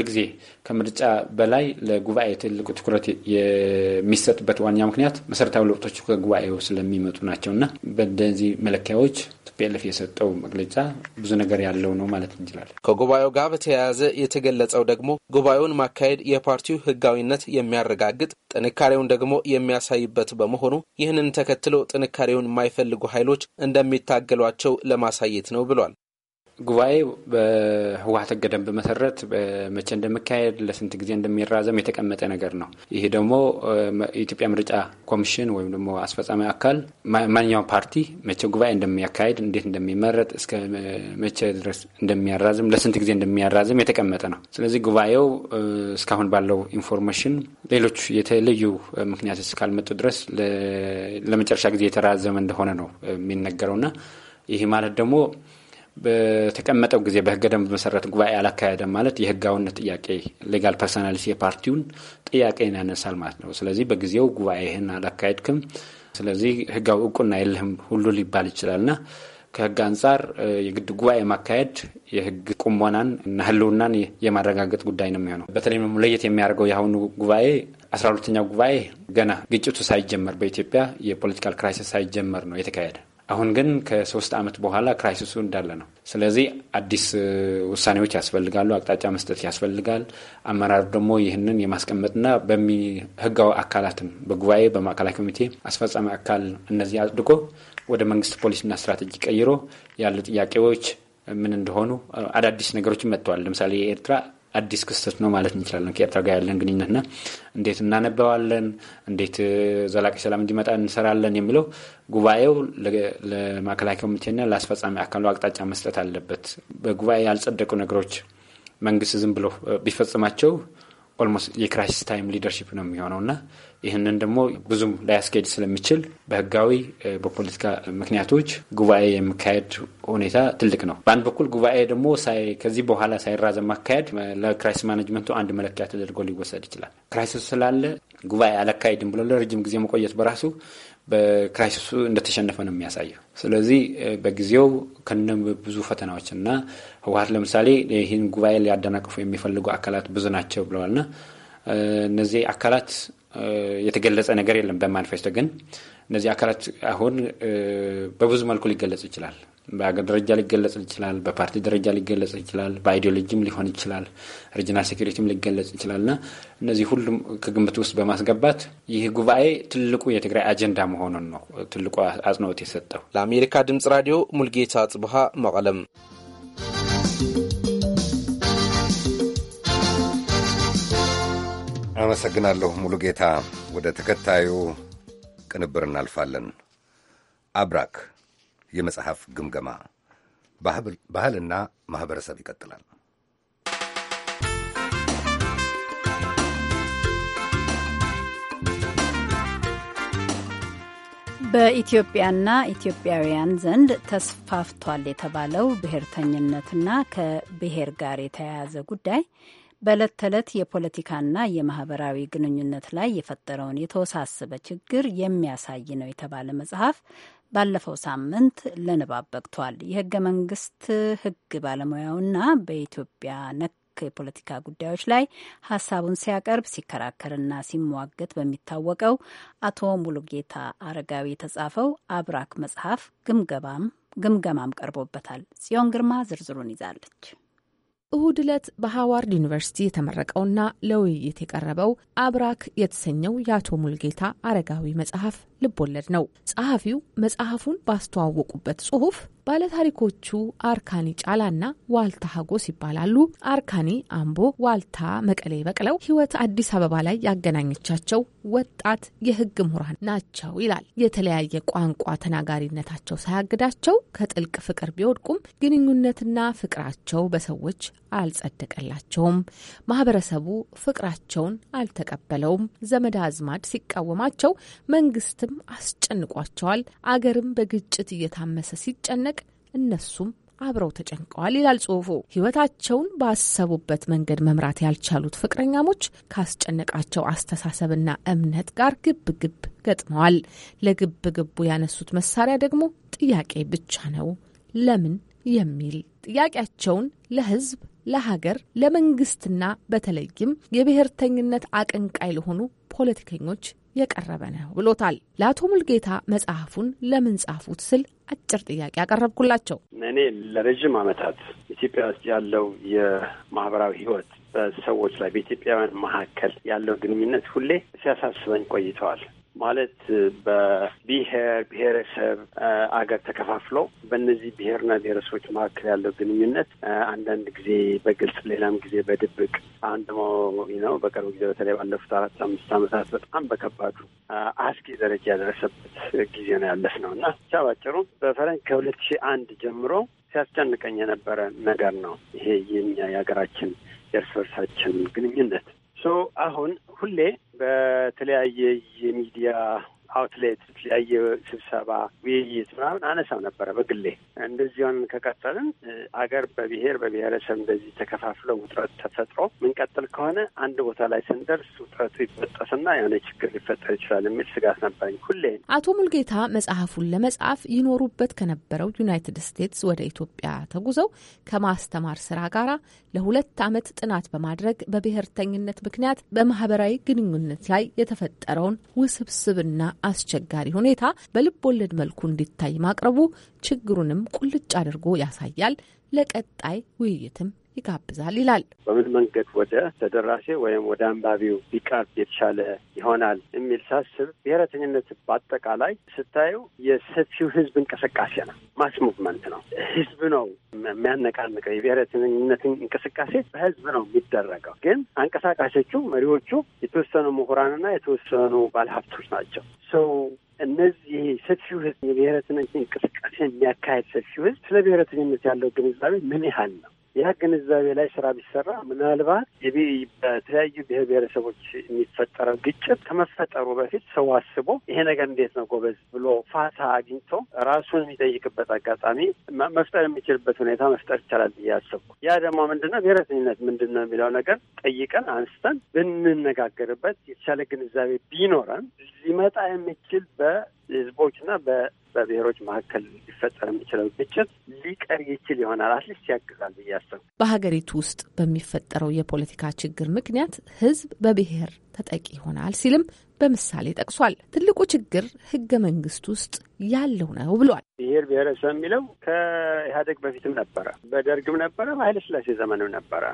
ጊዜ ከምርጫ በላይ ለጉባኤ ትልቁ ትኩረት የሚሰጥበት ዋኛ ምክንያት መሰረታዊ ለውጦች ከጉባኤው ስለሚመጡ ናቸው እና በእነዚህ መለኪያዎች ቲፒኤልኤፍ የሰጠው መግለጫ ብዙ ነገር ያለው ነው ማለት እንችላለን። ከጉባኤው ጋር በተያያዘ የተገለጸው ደግሞ ጉባኤውን ማካሄድ የፓርቲው ህጋዊነት የሚያረጋግጥ ጥንካሬውን ደግሞ የሚያሳይበት በመሆኑ ይህንን ተከትሎ ጥንካሬውን የማይፈልጉ ኃይሎች እንደሚታገሏቸው ለማሳየት ነው ብሏል። ጉባኤ በህወሀት ህገ ደንብ መሰረት መቼ እንደሚካሄድ ለስንት ጊዜ እንደሚራዘም የተቀመጠ ነገር ነው። ይሄ ደግሞ የኢትዮጵያ ምርጫ ኮሚሽን ወይም ደግሞ አስፈጻሚ አካል ማንኛውም ፓርቲ መቼ ጉባኤ እንደሚያካሄድ፣ እንዴት እንደሚመረጥ፣ እስከ መቼ ድረስ እንደሚያራዝም፣ ለስንት ጊዜ እንደሚያራዝም የተቀመጠ ነው። ስለዚህ ጉባኤው እስካሁን ባለው ኢንፎርሜሽን ሌሎች የተለዩ ምክንያት እስካልመጡ ድረስ ለመጨረሻ ጊዜ የተራዘመ እንደሆነ ነው የሚነገረውና ይህ ማለት ደግሞ በተቀመጠው ጊዜ በህገ ደንብ መሰረት ጉባኤ አላካሄደም ማለት የህጋዊነት ጥያቄ ሌጋል ፐርሶናሊቲ የፓርቲውን ጥያቄን ያነሳል ማለት ነው። ስለዚህ በጊዜው ጉባኤህን አላካሄድክም፣ ስለዚህ ህጋዊ እውቅና የለህም ሁሉ ሊባል ይችላልና ከህግ አንጻር የግድ ጉባኤ ማካሄድ የህግ ቁሞናን እና ህልውናን የማረጋገጥ ጉዳይ ነው የሚሆነው። በተለይ ለየት የሚያደርገው የአሁኑ ጉባኤ አስራ ሁለተኛው ጉባኤ ገና ግጭቱ ሳይጀመር በኢትዮጵያ የፖለቲካል ክራይሲስ ሳይጀመር ነው የተካሄደ። አሁን ግን ከሶስት ዓመት በኋላ ክራይሲሱ እንዳለ ነው። ስለዚህ አዲስ ውሳኔዎች ያስፈልጋሉ፣ አቅጣጫ መስጠት ያስፈልጋል። አመራሩ ደግሞ ይህንን የማስቀመጥና በሚህጋዊ አካላትም በጉባኤ በማዕከላዊ ኮሚቴ አስፈጻሚ አካል እነዚህ አጽድቆ ወደ መንግስት ፖሊሲና ስትራቴጂ ቀይሮ ያሉ ጥያቄዎች ምን እንደሆኑ አዳዲስ ነገሮችን መጥተዋል። ለምሳሌ የኤርትራ አዲስ ክስተት ነው ማለት እንችላለን። ከኤርትራ ጋር ያለን ግንኙነትና እንዴት እናነበዋለን፣ እንዴት ዘላቂ ሰላም እንዲመጣ እንሰራለን የሚለው ጉባኤው ለማከላከያ ኮሚቴና ለአስፈጻሚ አካሉ አቅጣጫ መስጠት አለበት። በጉባኤ ያልጸደቁ ነገሮች መንግስት ዝም ብሎ ቢፈጽማቸው ኦልሞስት የክራይሲስ ታይም ሊደርሽፕ ነው የሚሆነው እና ይህንን ደግሞ ብዙም ላያስኬድ ስለሚችል በህጋዊ በፖለቲካ ምክንያቶች ጉባኤ የሚካሄድ ሁኔታ ትልቅ ነው። በአንድ በኩል ጉባኤ ደግሞ ከዚህ በኋላ ሳይራዘም ማካሄድ ለክራይስ ማኔጅመንቱ አንድ መለኪያ ተደርጎ ሊወሰድ ይችላል። ክራይሲስ ስላለ ጉባኤ አላካሄድም ብሎ ለረጅም ጊዜ መቆየት በራሱ በክራይሲሱ እንደተሸነፈ ነው የሚያሳየው። ስለዚህ በጊዜው ከነ ብዙ ፈተናዎች እና ህወሀት ለምሳሌ ይህን ጉባኤ ሊያደናቅፉ የሚፈልጉ አካላት ብዙ ናቸው ብለዋልና እነዚህ አካላት የተገለጸ ነገር የለም በማንፌስቶ ግን እነዚህ አካላት አሁን በብዙ መልኩ ሊገለጽ ይችላል። በሀገር ደረጃ ሊገለጽ ይችላል። በፓርቲ ደረጃ ሊገለጽ ይችላል። በአይዲዮሎጂም ሊሆን ይችላል። ሪጅናል ሴኪሪቲም ሊገለጽ ይችላል እና እነዚህ ሁሉም ከግምት ውስጥ በማስገባት ይህ ጉባኤ ትልቁ የትግራይ አጀንዳ መሆኑን ነው ትልቁ አጽንኦት የሰጠው። ለአሜሪካ ድምጽ ራዲዮ ሙልጌታ ጽብሃ መቀለም። አመሰግናለሁ ሙሉጌታ። ወደ ተከታዩ ቅንብር እናልፋለን። አብራክ የመጽሐፍ ግምገማ ባህልና ማኅበረሰብ ይቀጥላል። በኢትዮጵያና ኢትዮጵያውያን ዘንድ ተስፋፍቷል የተባለው ብሔርተኝነትና ከብሔር ጋር የተያያዘ ጉዳይ በዕለት ተዕለት የፖለቲካና የማህበራዊ ግንኙነት ላይ የፈጠረውን የተወሳሰበ ችግር የሚያሳይ ነው የተባለ መጽሐፍ ባለፈው ሳምንት ለንባብ በቅቷል። የህገ መንግስት ህግ ባለሙያውና በኢትዮጵያ ነክ የፖለቲካ ጉዳዮች ላይ ሀሳቡን ሲያቀርብ ሲከራከርና ሲሟገት በሚታወቀው አቶ ሙሉጌታ አረጋዊ የተጻፈው አብራክ መጽሐፍ ግምገማም ቀርቦበታል። ጽዮን ግርማ ዝርዝሩን ይዛለች። እሁድ ዕለት በሃዋርድ ዩኒቨርሲቲ የተመረቀውና ለውይይት የቀረበው አብራክ የተሰኘው የአቶ ሙልጌታ አረጋዊ መጽሐፍ ልቦለድ ነው። ጸሐፊው መጽሐፉን ባስተዋወቁበት ጽሑፍ ባለታሪኮቹ አርካኒ ጫላና ዋልታ ሀጎስ ይባላሉ። አርካኒ አምቦ፣ ዋልታ መቀሌ በቅለው ሕይወት አዲስ አበባ ላይ ያገናኘቻቸው ወጣት የሕግ ምሁራን ናቸው ይላል። የተለያየ ቋንቋ ተናጋሪነታቸው ሳያግዳቸው ከጥልቅ ፍቅር ቢወድቁም ግንኙነትና ፍቅራቸው በሰዎች አልጸደቀላቸውም። ማህበረሰቡ ፍቅራቸውን አልተቀበለውም። ዘመድ አዝማድ ሲቃወማቸው፣ መንግስት ግጭትም አስጨንቋቸዋል። አገርም በግጭት እየታመሰ ሲጨነቅ እነሱም አብረው ተጨንቀዋል ይላል ጽሁፉ። ህይወታቸውን ባሰቡበት መንገድ መምራት ያልቻሉት ፍቅረኛሞች ካስጨነቃቸው አስተሳሰብና እምነት ጋር ግብ ግብ ገጥመዋል። ለግብ ግቡ ያነሱት መሳሪያ ደግሞ ጥያቄ ብቻ ነው። ለምን የሚል ጥያቄያቸውን ለህዝብ፣ ለሀገር፣ ለመንግስትና በተለይም የብሔርተኝነት አቀንቃይ ለሆኑ ፖለቲከኞች የቀረበ ነው ብሎታል። ለአቶ ሙልጌታ መጽሐፉን ለምን ጻፉት ስል አጭር ጥያቄ አቀረብኩላቸው! እኔ ለረዥም ዓመታት ኢትዮጵያ ውስጥ ያለው የማህበራዊ ሕይወት በሰዎች ላይ በኢትዮጵያውያን መካከል ያለው ግንኙነት ሁሌ ሲያሳስበኝ ቆይተዋል። ማለት በብሔር ብሔረሰብ አገር ተከፋፍለው በእነዚህ ብሔርና ብሔረሰቦች መካከል ያለው ግንኙነት አንዳንድ ጊዜ በግልጽ ሌላም ጊዜ በድብቅ አሁን ደግሞ ነው በቅርብ ጊዜ በተለይ ባለፉት አራት አምስት ዓመታት በጣም በከባዱ አስጊ ደረጃ ያደረሰበት ጊዜ ነው ያለፍ ነው እና ብቻ ባጭሩ በፈረንጅ ከሁለት ሺህ አንድ ጀምሮ ሲያስጨንቀኝ የነበረ ነገር ነው ይሄ የኛ የሀገራችን የእርስ በርሳችን ግንኙነት ሶ አሁን ሁሌ በተለያየ የሚዲያ አውትሌት፣ የተለያየ ስብሰባ፣ ውይይት ምናምን አነሳው ነበረ በግሌ። እንደዚሁን ከቀጠልን አገር በብሔር በብሔረሰብ እንደዚህ ተከፋፍለው ውጥረት ተፈጥሮ ምንቀጥል ከሆነ አንድ ቦታ ላይ ስንደርስ ውጥረቱ ይበጠስና የሆነ ችግር ሊፈጠር ይችላል የሚል ስጋት ነበረኝ ሁሌ። አቶ ሙልጌታ መጽሐፉን ለመጻፍ ይኖሩበት ከነበረው ዩናይትድ ስቴትስ ወደ ኢትዮጵያ ተጉዘው ከማስተማር ስራ ጋራ ለሁለት ዓመት ጥናት በማድረግ በብሔርተኝነት ምክንያት በማህበራዊ ግንኙነት ላይ የተፈጠረውን ውስብስብና አስቸጋሪ ሁኔታ በልብ ወለድ መልኩ እንዲታይ ማቅረቡ ችግሩንም ቁልጭ አድርጎ ያሳያል። ለቀጣይ ውይይትም ይጋብዛል ይላል። በምን መንገድ ወደ ተደራሴ ወይም ወደ አንባቢው ቢቀርብ የተሻለ ይሆናል የሚል ሳስብ ብሔረተኝነት በአጠቃላይ ስታየው የሰፊው ሕዝብ እንቅስቃሴ ነው። ማስ ሙቭመንት ነው። ሕዝብ ነው የሚያነቃንቀው። የብሔረተኝነትን እንቅስቃሴ በሕዝብ ነው የሚደረገው። ግን አንቀሳቃሾቹ መሪዎቹ የተወሰኑ ምሁራንና የተወሰኑ ባለሀብቶች ናቸው። ሰው እነዚህ ሰፊው ህዝብ የብሔረተኝነት እንቅስቃሴ የሚያካሄድ ሰፊው ህዝብ ስለ ብሔረተኝነት ያለው ግንዛቤ ምን ያህል ነው? ያ ግንዛቤ ላይ ስራ ቢሰራ ምናልባት በተለያዩ ብሔረሰቦች የሚፈጠረው ግጭት ከመፈጠሩ በፊት ሰው አስቦ ይሄ ነገር እንዴት ነው ጎበዝ ብሎ ፋታ አግኝቶ ራሱን የሚጠይቅበት አጋጣሚ መፍጠር የሚችልበት ሁኔታ መፍጠር ይቻላል ብዬ አሰብኩ። ያ ደግሞ ምንድነው ብሔረተኝነት ምንድን ነው የሚለው ነገር ጠይቀን አንስተን ብንነጋገርበት የተሻለ ግንዛቤ ቢኖረን ሊመጣ የሚችል በህዝቦችና በብሔሮች መካከል ሊፈጠር የሚችለው ግጭት ሊቀር ይችል ይሆናል። አትሊስት ያግዛል ብዬ አስብ። በሀገሪቱ ውስጥ በሚፈጠረው የፖለቲካ ችግር ምክንያት ህዝብ በብሔር ተጠቂ ይሆናል ሲልም በምሳሌ ጠቅሷል። ትልቁ ችግር ህገ መንግስት ውስጥ ያለው ነው ብሏል። ብሔር ብሔረሰብ የሚለው ከኢህአደግ በፊትም ነበረ፣ በደርግም ነበረ፣ ስላሴ ዘመንም ነበረ።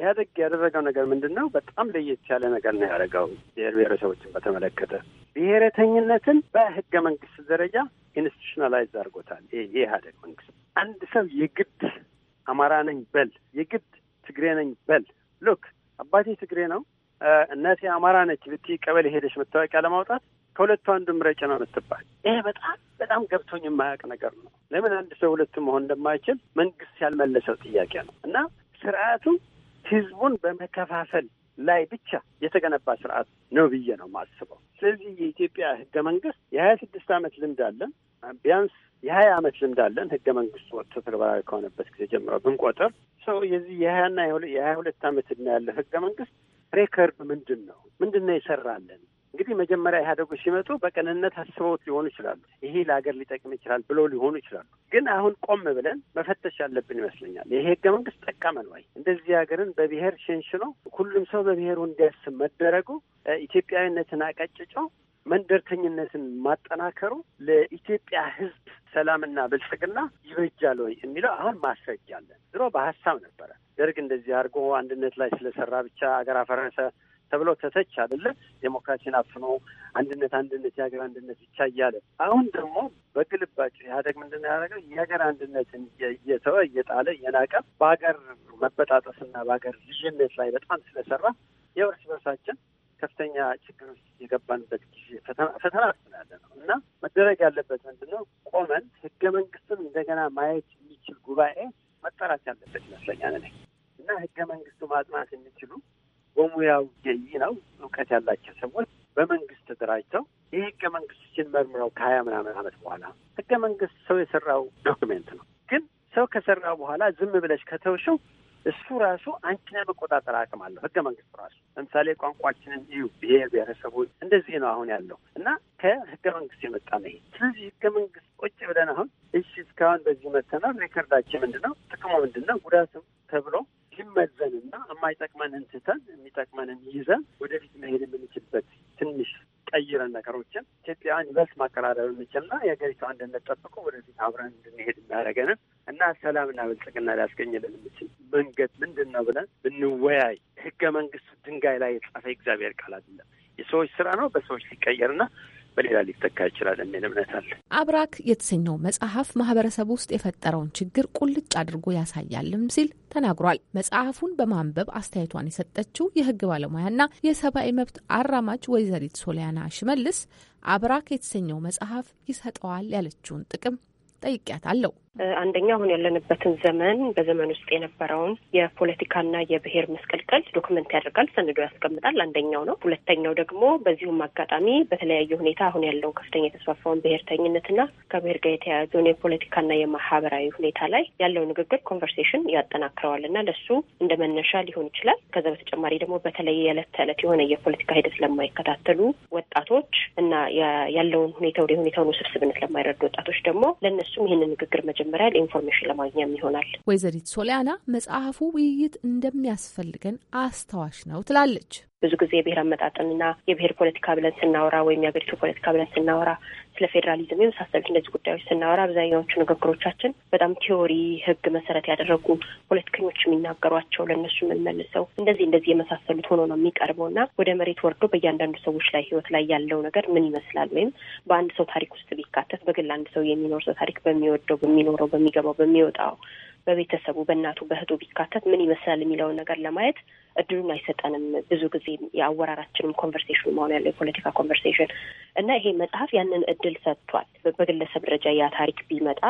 ኢህአደግ ያደረገው ነገር ምንድን ነው? በጣም ለየት ያለ ነገር ነው ያደረገው ብሔር ብሔረሰቦችን በተመለከተ ብሔረተኝነትን በህገ መንግስት ደረጃ ኢንስቲቱሽናላይዝ አድርጎታል። የኢህአዴግ መንግስት አንድ ሰው የግድ አማራ ነኝ በል፣ የግድ ትግሬ ነኝ በል፣ ሉክ አባቴ ትግሬ ነው እናቴ አማራ ነች ብቲ ቀበሌ ሄደች መታወቂያ ለማውጣት ከሁለቱ አንዱ ምረጭ ነው የምትባል። ይሄ በጣም በጣም ገብቶኝ የማያውቅ ነገር ነው። ለምን አንድ ሰው ሁለቱ መሆን እንደማይችል መንግስት ያልመለሰው ጥያቄ ነው እና ስርዓቱ ህዝቡን በመከፋፈል ላይ ብቻ የተገነባ ስርዓት ነው ብዬ ነው የማስበው። ስለዚህ የኢትዮጵያ ህገ መንግስት የሀያ ስድስት ዓመት ልምድ አለን። ቢያንስ የሀያ ዓመት ልምድ አለን። ህገ መንግስት ወጥቶ ተግባራዊ ከሆነበት ጊዜ ጀምሮ ብንቆጥር ሰው የዚህ የሀያና የሀያ ሁለት ዓመት ዕድሜ ያለው ህገ መንግስት ሬከርድ ምንድን ነው? ምንድን ነው የሰራለን? እንግዲህ መጀመሪያ ኢህአዴጎች ሲመጡ በቅንነት አስበውት ሊሆኑ ይችላሉ። ይሄ ለሀገር ሊጠቅም ይችላል ብለው ሊሆኑ ይችላሉ። ግን አሁን ቆም ብለን መፈተሽ ያለብን ይመስለኛል። ይሄ ህገ መንግስት ጠቀመን ወይ? እንደዚህ ሀገርን በብሔር ሸንሽኖ ሁሉም ሰው በብሔሩ እንዲያስብ መደረጉ ኢትዮጵያዊነትን አቀጭጮ መንደርተኝነትን ማጠናከሩ ለኢትዮጵያ ህዝብ ሰላምና ብልጽግና ይበጃል ወይ የሚለው አሁን ማስረጃ አለን። ድሮ በሀሳብ ነበረ። ደርግ እንደዚህ አድርጎ አንድነት ላይ ስለሰራ ብቻ አገር አፈረሰ ተብሎ ተተች አደለ? ዴሞክራሲን አፍኖ አንድነት አንድነት የሀገር አንድነት ይቻ እያለ አሁን ደግሞ በግልባቸው ኢህአዴግ ምንድን ነው ያደረገው? የሀገር አንድነትን እየተወ እየጣለ እየናቀ በሀገር መበጣጠስና በሀገር ልዩነት ላይ በጣም ስለሰራ የእርስ በርሳችን ከፍተኛ ችግር ውስጥ የገባንበት ጊዜ ፈተና ስላለ ነው እና መደረግ ያለበት ምንድን ነው? ቆመን ህገ መንግስትን እንደገና ማየት የሚችል ጉባኤ መጠራት ያለበት ይመስለኛል እኔ እና ህገ መንግስቱ ማጥናት የሚችሉ በሙያው ነው እውቀት ያላቸው ሰዎች በመንግስት ተደራጅተው ይህ ህገ መንግስት ሲመርምረው ከሀያ ምናምን ዓመት በኋላ ህገ መንግስት ሰው የሰራው ዶክሜንት ነው። ግን ሰው ከሰራው በኋላ ዝም ብለሽ ከተውሽው እሱ ራሱ አንቺን የመቆጣጠር አቅም አለው። ህገ መንግስት ራሱ ለምሳሌ ቋንቋችንን እዩ፣ ብሄር ብሔረሰቦች እንደዚህ ነው አሁን ያለው እና ከህገ መንግስት የመጣ ነው ይሄ። ስለዚህ ህገ መንግስት ቁጭ ብለን አሁን እሺ እስካሁን በዚህ መተናል፣ ሬከርዳችን ምንድን ነው፣ ጥቅሙ ምንድን ነው፣ ጉዳትም ተብሎ ሲመዘንና የማይጠቅመንን ትተን የሚጠቅመንን ይዘን ወደፊት መሄድ የምንችልበት ትንሽ ቀይረን ነገሮችን ኢትዮጵያ ይበልጥ ማቀራረብ የምንችልና የሀገሪቱ አንድነት ጠብቆ ወደፊት አብረን እንድንሄድ የሚያደርገንን እና ሰላምና ብልጽግና ሊያስገኝልን የምችል መንገድ ምንድን ነው ብለን ብንወያይ ህገ መንግስቱ ድንጋይ ላይ የተጻፈ እግዚአብሔር ቃል አይደለም። የሰዎች ስራ ነው። በሰዎች ሊቀየርና በሌላ ሊተካ ይችላል የሚል እምነት አለ። አብራክ የተሰኘው መጽሐፍ ማህበረሰብ ውስጥ የፈጠረውን ችግር ቁልጭ አድርጎ ያሳያልም ሲል ተናግሯል። መጽሐፉን በማንበብ አስተያየቷን የሰጠችው የህግ ባለሙያና የሰብአዊ መብት አራማጅ ወይዘሪት ሶሊያና ሽመልስ አብራክ የተሰኘው መጽሐፍ ይሰጠዋል ያለችውን ጥቅም ጠይቂያት አለው። አንደኛ አሁን ያለንበትን ዘመን በዘመን ውስጥ የነበረውን የፖለቲካና የብሔር መስቀልቀል ዶክመንት ያደርጋል፣ ሰንዶ ያስቀምጣል። አንደኛው ነው። ሁለተኛው ደግሞ በዚሁም አጋጣሚ በተለያየ ሁኔታ አሁን ያለውን ከፍተኛ የተስፋፋውን ብሔርተኝነትና ከብሔር ጋር የተያያዘውን የፖለቲካና የማህበራዊ ሁኔታ ላይ ያለው ንግግር ኮንቨርሴሽን ያጠናክረዋል እና ለሱ እንደ መነሻ ሊሆን ይችላል። ከዛ በተጨማሪ ደግሞ በተለይ የዕለት ተዕለት የሆነ የፖለቲካ ሂደት ለማይከታተሉ ወጣቶች እና ያለውን ሁኔታ ወደ ሁኔታውን ውስብስብነት ለማይረዱ ወጣቶች ደግሞ ለእነሱም ይህንን ንግግር መጀመ መጀመሪያ ኢንፎርሜሽን ለማግኘም ይሆናል። ወይዘሪት ሶሊያና መጽሐፉ ውይይት እንደሚያስፈልገን አስታዋሽ ነው ትላለች። ብዙ ጊዜ የብሔር አመጣጥንና የብሔር ፖለቲካ ብለን ስናወራ ወይም የአገሪቱ ፖለቲካ ብለን ስናወራ ስለ ፌዴራሊዝም የመሳሰሉት እነዚህ ጉዳዮች ስናወራ አብዛኛዎቹ ንግግሮቻችን በጣም ቲዎሪ ህግ መሰረት ያደረጉ ፖለቲከኞች የሚናገሯቸው ለእነሱ የምንመልሰው እንደዚህ እንደዚህ የመሳሰሉት ሆኖ ነው የሚቀርበው እና ወደ መሬት ወርዶ በእያንዳንዱ ሰዎች ላይ ህይወት ላይ ያለው ነገር ምን ይመስላል ወይም በአንድ ሰው ታሪክ ውስጥ ቢካተት በግል አንድ ሰው የሚኖር ሰው ታሪክ በሚወደው በሚኖረው በሚገባው በሚወጣው በቤተሰቡ በእናቱ በእህቱ ቢካተት ምን ይመስላል የሚለውን ነገር ለማየት እድሉን አይሰጠንም። ብዙ ጊዜ የአወራራችንም ኮንቨርሴሽን መሆን ያለው የፖለቲካ ኮንቨርሴሽን እና ይሄ መጽሐፍ ያንን እድል ሰጥቷል። በግለሰብ ደረጃ ያ ታሪክ ቢመጣ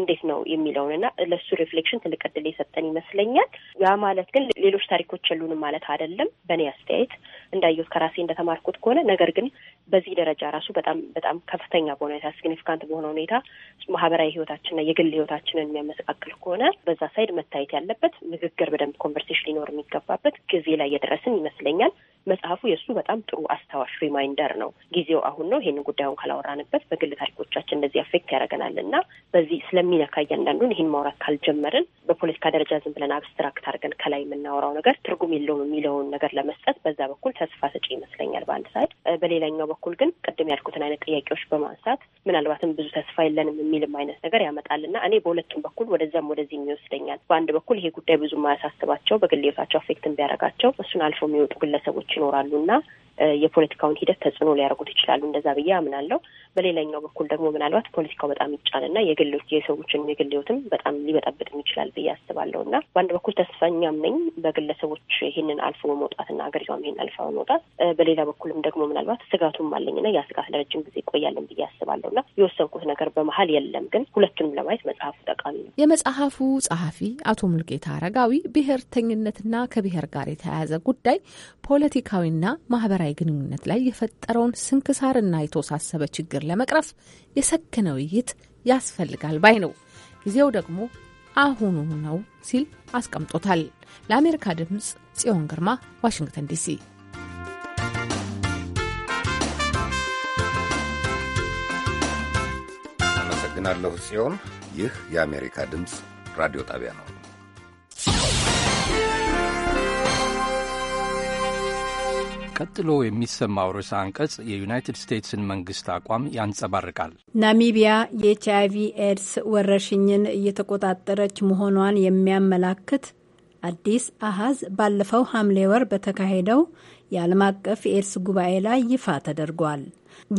እንዴት ነው የሚለውን እና ለሱ ሪፍሌክሽን ትልቅ እድል የሰጠን ይመስለኛል። ያ ማለት ግን ሌሎች ታሪኮች የሉንም ማለት አይደለም። በእኔ አስተያየት እንዳየሁት ከራሴ እንደተማርኩት ከሆነ ነገር ግን በዚህ ደረጃ ራሱ በጣም በጣም ከፍተኛ በሆነ ሁኔታ ሲግኒፊካንት በሆነ ሁኔታ ማህበራዊ ህይወታችንና የግል ህይወታችንን የሚያመሰቃቅል ከሆነ በዛ ሳይድ መታየት ያለበት ንግግር በደንብ ኮንቨርሴሽን ሊኖር የሚገባበት የመረዳት ጊዜ ላይ የደረስን ይመስለኛል። መጽሐፉ የእሱ በጣም ጥሩ አስታዋሽ ሪማይንደር ነው። ጊዜው አሁን ነው። ይሄንን ጉዳዩን ካላወራንበት በግል ታሪኮቻችን እንደዚህ አፌክት ያደርገናል እና በዚህ ስለሚነካ እያንዳንዱን ይህን ማውራት ካልጀመርን በፖለቲካ ደረጃ ዝም ብለን አብስትራክት አድርገን ከላይ የምናወራው ነገር ትርጉም የለውም የሚለውን ነገር ለመስጠት በዛ በኩል ተስፋ ሰጪ ይመስለኛል በአንድ ሳይድ፣ በሌላኛው በኩል ግን ቅድም ያልኩትን አይነት ጥያቄዎች በማንሳት ምናልባትም ብዙ ተስፋ የለንም የሚልም አይነት ነገር ያመጣል እና እኔ በሁለቱም በኩል ወደዛም ወደዚህ ይወስደኛል። በአንድ በኩል ይሄ ጉዳይ ብዙ ማያሳስባቸው በግል ሕይወታቸው አፌክት ቢያደርጋቸው እሱን አልፎ የሚወጡ ግለሰቦች ይኖራሉ እና የፖለቲካውን ሂደት ተጽዕኖ ሊያደርጉት ይችላሉ። እንደዛ ብዬ አምናለሁ። በሌላኛው በኩል ደግሞ ምናልባት ፖለቲካው በጣም ይጫንና የግሎች የሰዎችን የግል ህይወትም በጣም ሊበጠብጥም ይችላል ብዬ አስባለሁ እና በአንድ በኩል ተስፈኛም ነኝ በግለሰቦች ይህንን አልፎ በመውጣትና ሀገሪቷም ይህን አልፋ በመውጣት፣ በሌላ በኩልም ደግሞ ምናልባት ስጋቱም አለኝና ያ ስጋት ለረጅም ጊዜ ይቆያለን ብዬ አስባለሁ እና የወሰንኩት ነገር በመሀል የለም። ግን ሁለቱንም ለማየት መጽሐፉ ጠቃሚ ነው። የመጽሐፉ ጸሐፊ አቶ ሙልጌታ አረጋዊ ብሔርተኝነትና ከብሔር ከትዳር ጋር የተያያዘ ጉዳይ ፖለቲካዊና ማህበራዊ ግንኙነት ላይ የፈጠረውን ስንክሳርና የተወሳሰበ ችግር ለመቅረፍ የሰከነ ውይይት ያስፈልጋል ባይ ነው። ጊዜው ደግሞ አሁኑ ነው ሲል አስቀምጦታል። ለአሜሪካ ድምፅ ጽዮን ግርማ ዋሽንግተን ዲሲ። አመሰግናለሁ ጽዮን። ይህ የአሜሪካ ድምፅ ራዲዮ ጣቢያ ነው። ቀጥሎ የሚሰማው ርዕሰ አንቀጽ የዩናይትድ ስቴትስን መንግስት አቋም ያንጸባርቃል። ናሚቢያ የኤች አይቪ ኤድስ ወረርሽኝን እየተቆጣጠረች መሆኗን የሚያመላክት አዲስ አሃዝ ባለፈው ሐምሌ ወር በተካሄደው የዓለም አቀፍ የኤድስ ጉባኤ ላይ ይፋ ተደርጓል።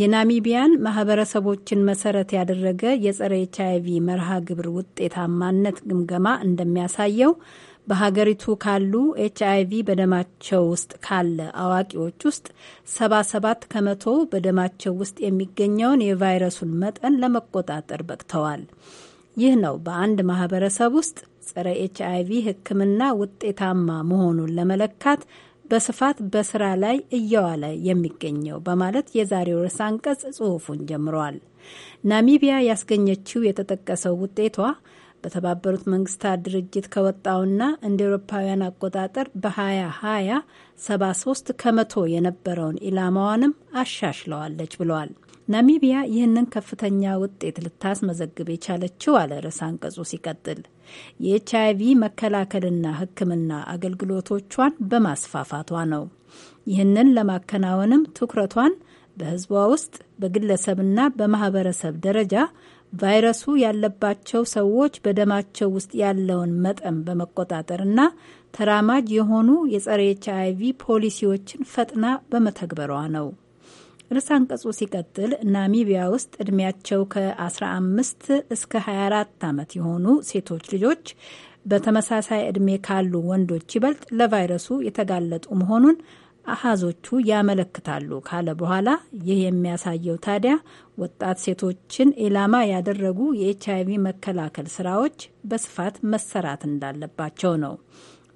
የናሚቢያን ማህበረሰቦችን መሰረት ያደረገ የጸረ ኤች አይቪ መርሃ ግብር ውጤታማነት ግምገማ እንደሚያሳየው በሀገሪቱ ካሉ ኤች አይቪ በደማቸው ውስጥ ካለ አዋቂዎች ውስጥ 77 ከመቶ በደማቸው ውስጥ የሚገኘውን የቫይረሱን መጠን ለመቆጣጠር በቅተዋል። ይህ ነው በአንድ ማህበረሰብ ውስጥ ጸረ ኤች አይቪ ሕክምና ውጤታማ መሆኑን ለመለካት በስፋት በስራ ላይ እየዋለ የሚገኘው በማለት የዛሬው ርዕስ አንቀጽ ጽሑፉን ጀምሯል። ናሚቢያ ያስገኘችው የተጠቀሰው ውጤቷ በተባበሩት መንግስታት ድርጅት ከወጣውና እንደ ኤሮፓውያን አቆጣጠር በ2020 73 ከመቶ የነበረውን ኢላማዋንም አሻሽለዋለች ብለዋል። ናሚቢያ ይህንን ከፍተኛ ውጤት ልታስመዘግብ የቻለችው አለ ርዕሰ አንቀጹ ሲቀጥል የኤች ቪ መከላከልና ሕክምና አገልግሎቶቿን በማስፋፋቷ ነው። ይህንን ለማከናወንም ትኩረቷን በህዝቧ ውስጥ በግለሰብና በማህበረሰብ ደረጃ ቫይረሱ ያለባቸው ሰዎች በደማቸው ውስጥ ያለውን መጠን በመቆጣጠርና ተራማጅ የሆኑ የጸረ ኤች አይ ቪ ፖሊሲዎችን ፈጥና በመተግበሯ ነው። ርዕሰ አንቀጹ ሲቀጥል ናሚቢያ ውስጥ እድሜያቸው ከ15 እስከ 24 ዓመት የሆኑ ሴቶች ልጆች በተመሳሳይ ዕድሜ ካሉ ወንዶች ይበልጥ ለቫይረሱ የተጋለጡ መሆኑን አሃዞቹ ያመለክታሉ ካለ በኋላ ይህ የሚያሳየው ታዲያ ወጣት ሴቶችን ኢላማ ያደረጉ የኤች አይቪ መከላከል ስራዎች በስፋት መሰራት እንዳለባቸው ነው።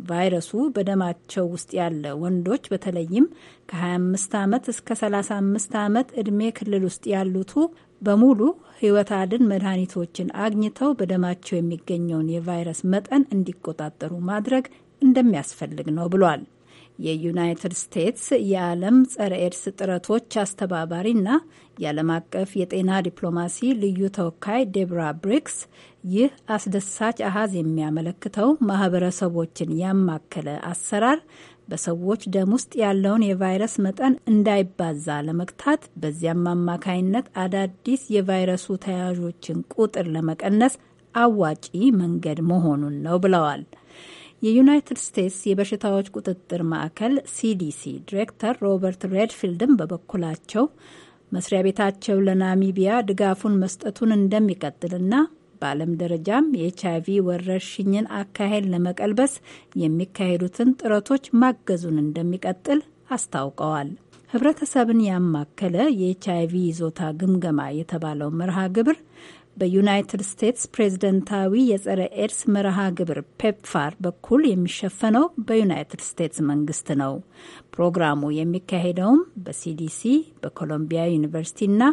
ቫይረሱ በደማቸው ውስጥ ያለ ወንዶች በተለይም ከ25 ዓመት እስከ 35 ዓመት ዕድሜ ክልል ውስጥ ያሉቱ በሙሉ ህይወት አድን መድኃኒቶችን አግኝተው በደማቸው የሚገኘውን የቫይረስ መጠን እንዲቆጣጠሩ ማድረግ እንደሚያስፈልግ ነው ብሏል። የዩናይትድ ስቴትስ የዓለም ጸረ ኤድስ ጥረቶች አስተባባሪና የዓለም አቀፍ የጤና ዲፕሎማሲ ልዩ ተወካይ ዴብራ ብሪክስ ይህ አስደሳች አሃዝ የሚያመለክተው ማህበረሰቦችን ያማከለ አሰራር በሰዎች ደም ውስጥ ያለውን የቫይረስ መጠን እንዳይባዛ ለመግታት በዚያም አማካይነት አዳዲስ የቫይረሱ ተያዦችን ቁጥር ለመቀነስ አዋጪ መንገድ መሆኑን ነው ብለዋል። የዩናይትድ ስቴትስ የበሽታዎች ቁጥጥር ማዕከል ሲዲሲ ዲሬክተር ሮበርት ሬድፊልድም በበኩላቸው መስሪያ ቤታቸው ለናሚቢያ ድጋፉን መስጠቱን እንደሚቀጥልና በዓለም ደረጃም የኤች አይቪ ወረርሽኝን አካሄድ ለመቀልበስ የሚካሄዱትን ጥረቶች ማገዙን እንደሚቀጥል አስታውቀዋል። ህብረተሰብን ያማከለ የኤች አይቪ ይዞታ ግምገማ የተባለው መርሃ ግብር በዩናይትድ ስቴትስ ፕሬዝደንታዊ የጸረ ኤድስ መርሃ ግብር ፔፕፋር በኩል የሚሸፈነው በዩናይትድ ስቴትስ መንግስት ነው። ፕሮግራሙ የሚካሄደውም በሲዲሲ በኮሎምቢያ ዩኒቨርሲቲና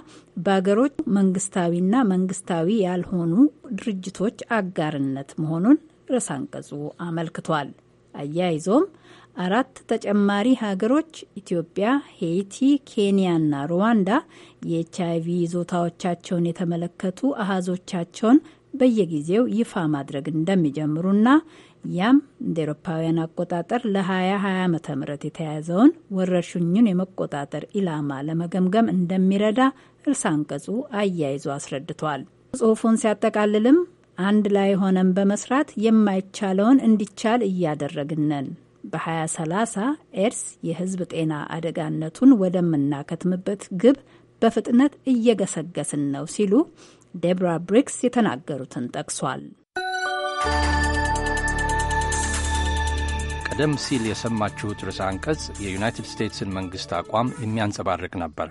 በአገሮች መንግስታዊና መንግስታዊ ያልሆኑ ድርጅቶች አጋርነት መሆኑን ርዕሰ አንቀጹ አመልክቷል። አያይዞም አራት ተጨማሪ ሀገሮች ኢትዮጵያ፣ ሄይቲ፣ ኬንያና ሩዋንዳ የኤችአይቪ ይዞታዎቻቸውን የተመለከቱ አሃዞቻቸውን በየጊዜው ይፋ ማድረግ እንደሚጀምሩና ያም እንደ ኤሮፓውያን አቆጣጠር ለ2020 ም የተያዘውን ወረርሽኙን የመቆጣጠር ኢላማ ለመገምገም እንደሚረዳ እርሳ አንቀጹ አያይዞ አስረድቷል። ጽሑፉን ሲያጠቃልልም አንድ ላይ ሆነን በመስራት የማይቻለውን እንዲቻል እያደረግነን በ2030 ኤድስ የሕዝብ ጤና አደጋነቱን ወደምናከትምበት ግብ በፍጥነት እየገሰገስን ነው ሲሉ ዴብራ ብሪክስ የተናገሩትን ጠቅሷል። ቀደም ሲል የሰማችሁት ርዕሰ አንቀጽ የዩናይትድ ስቴትስን መንግሥት አቋም የሚያንጸባርቅ ነበር።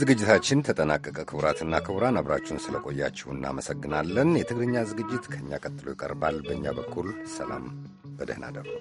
ዝግጅታችን ተጠናቀቀ። ክቡራትና ክቡራን አብራችሁን ስለቆያችሁ እናመሰግናለን። የትግርኛ ዝግጅት ከእኛ ቀጥሎ ይቀርባል። በእኛ በኩል ሰላም በደህና አደሩ።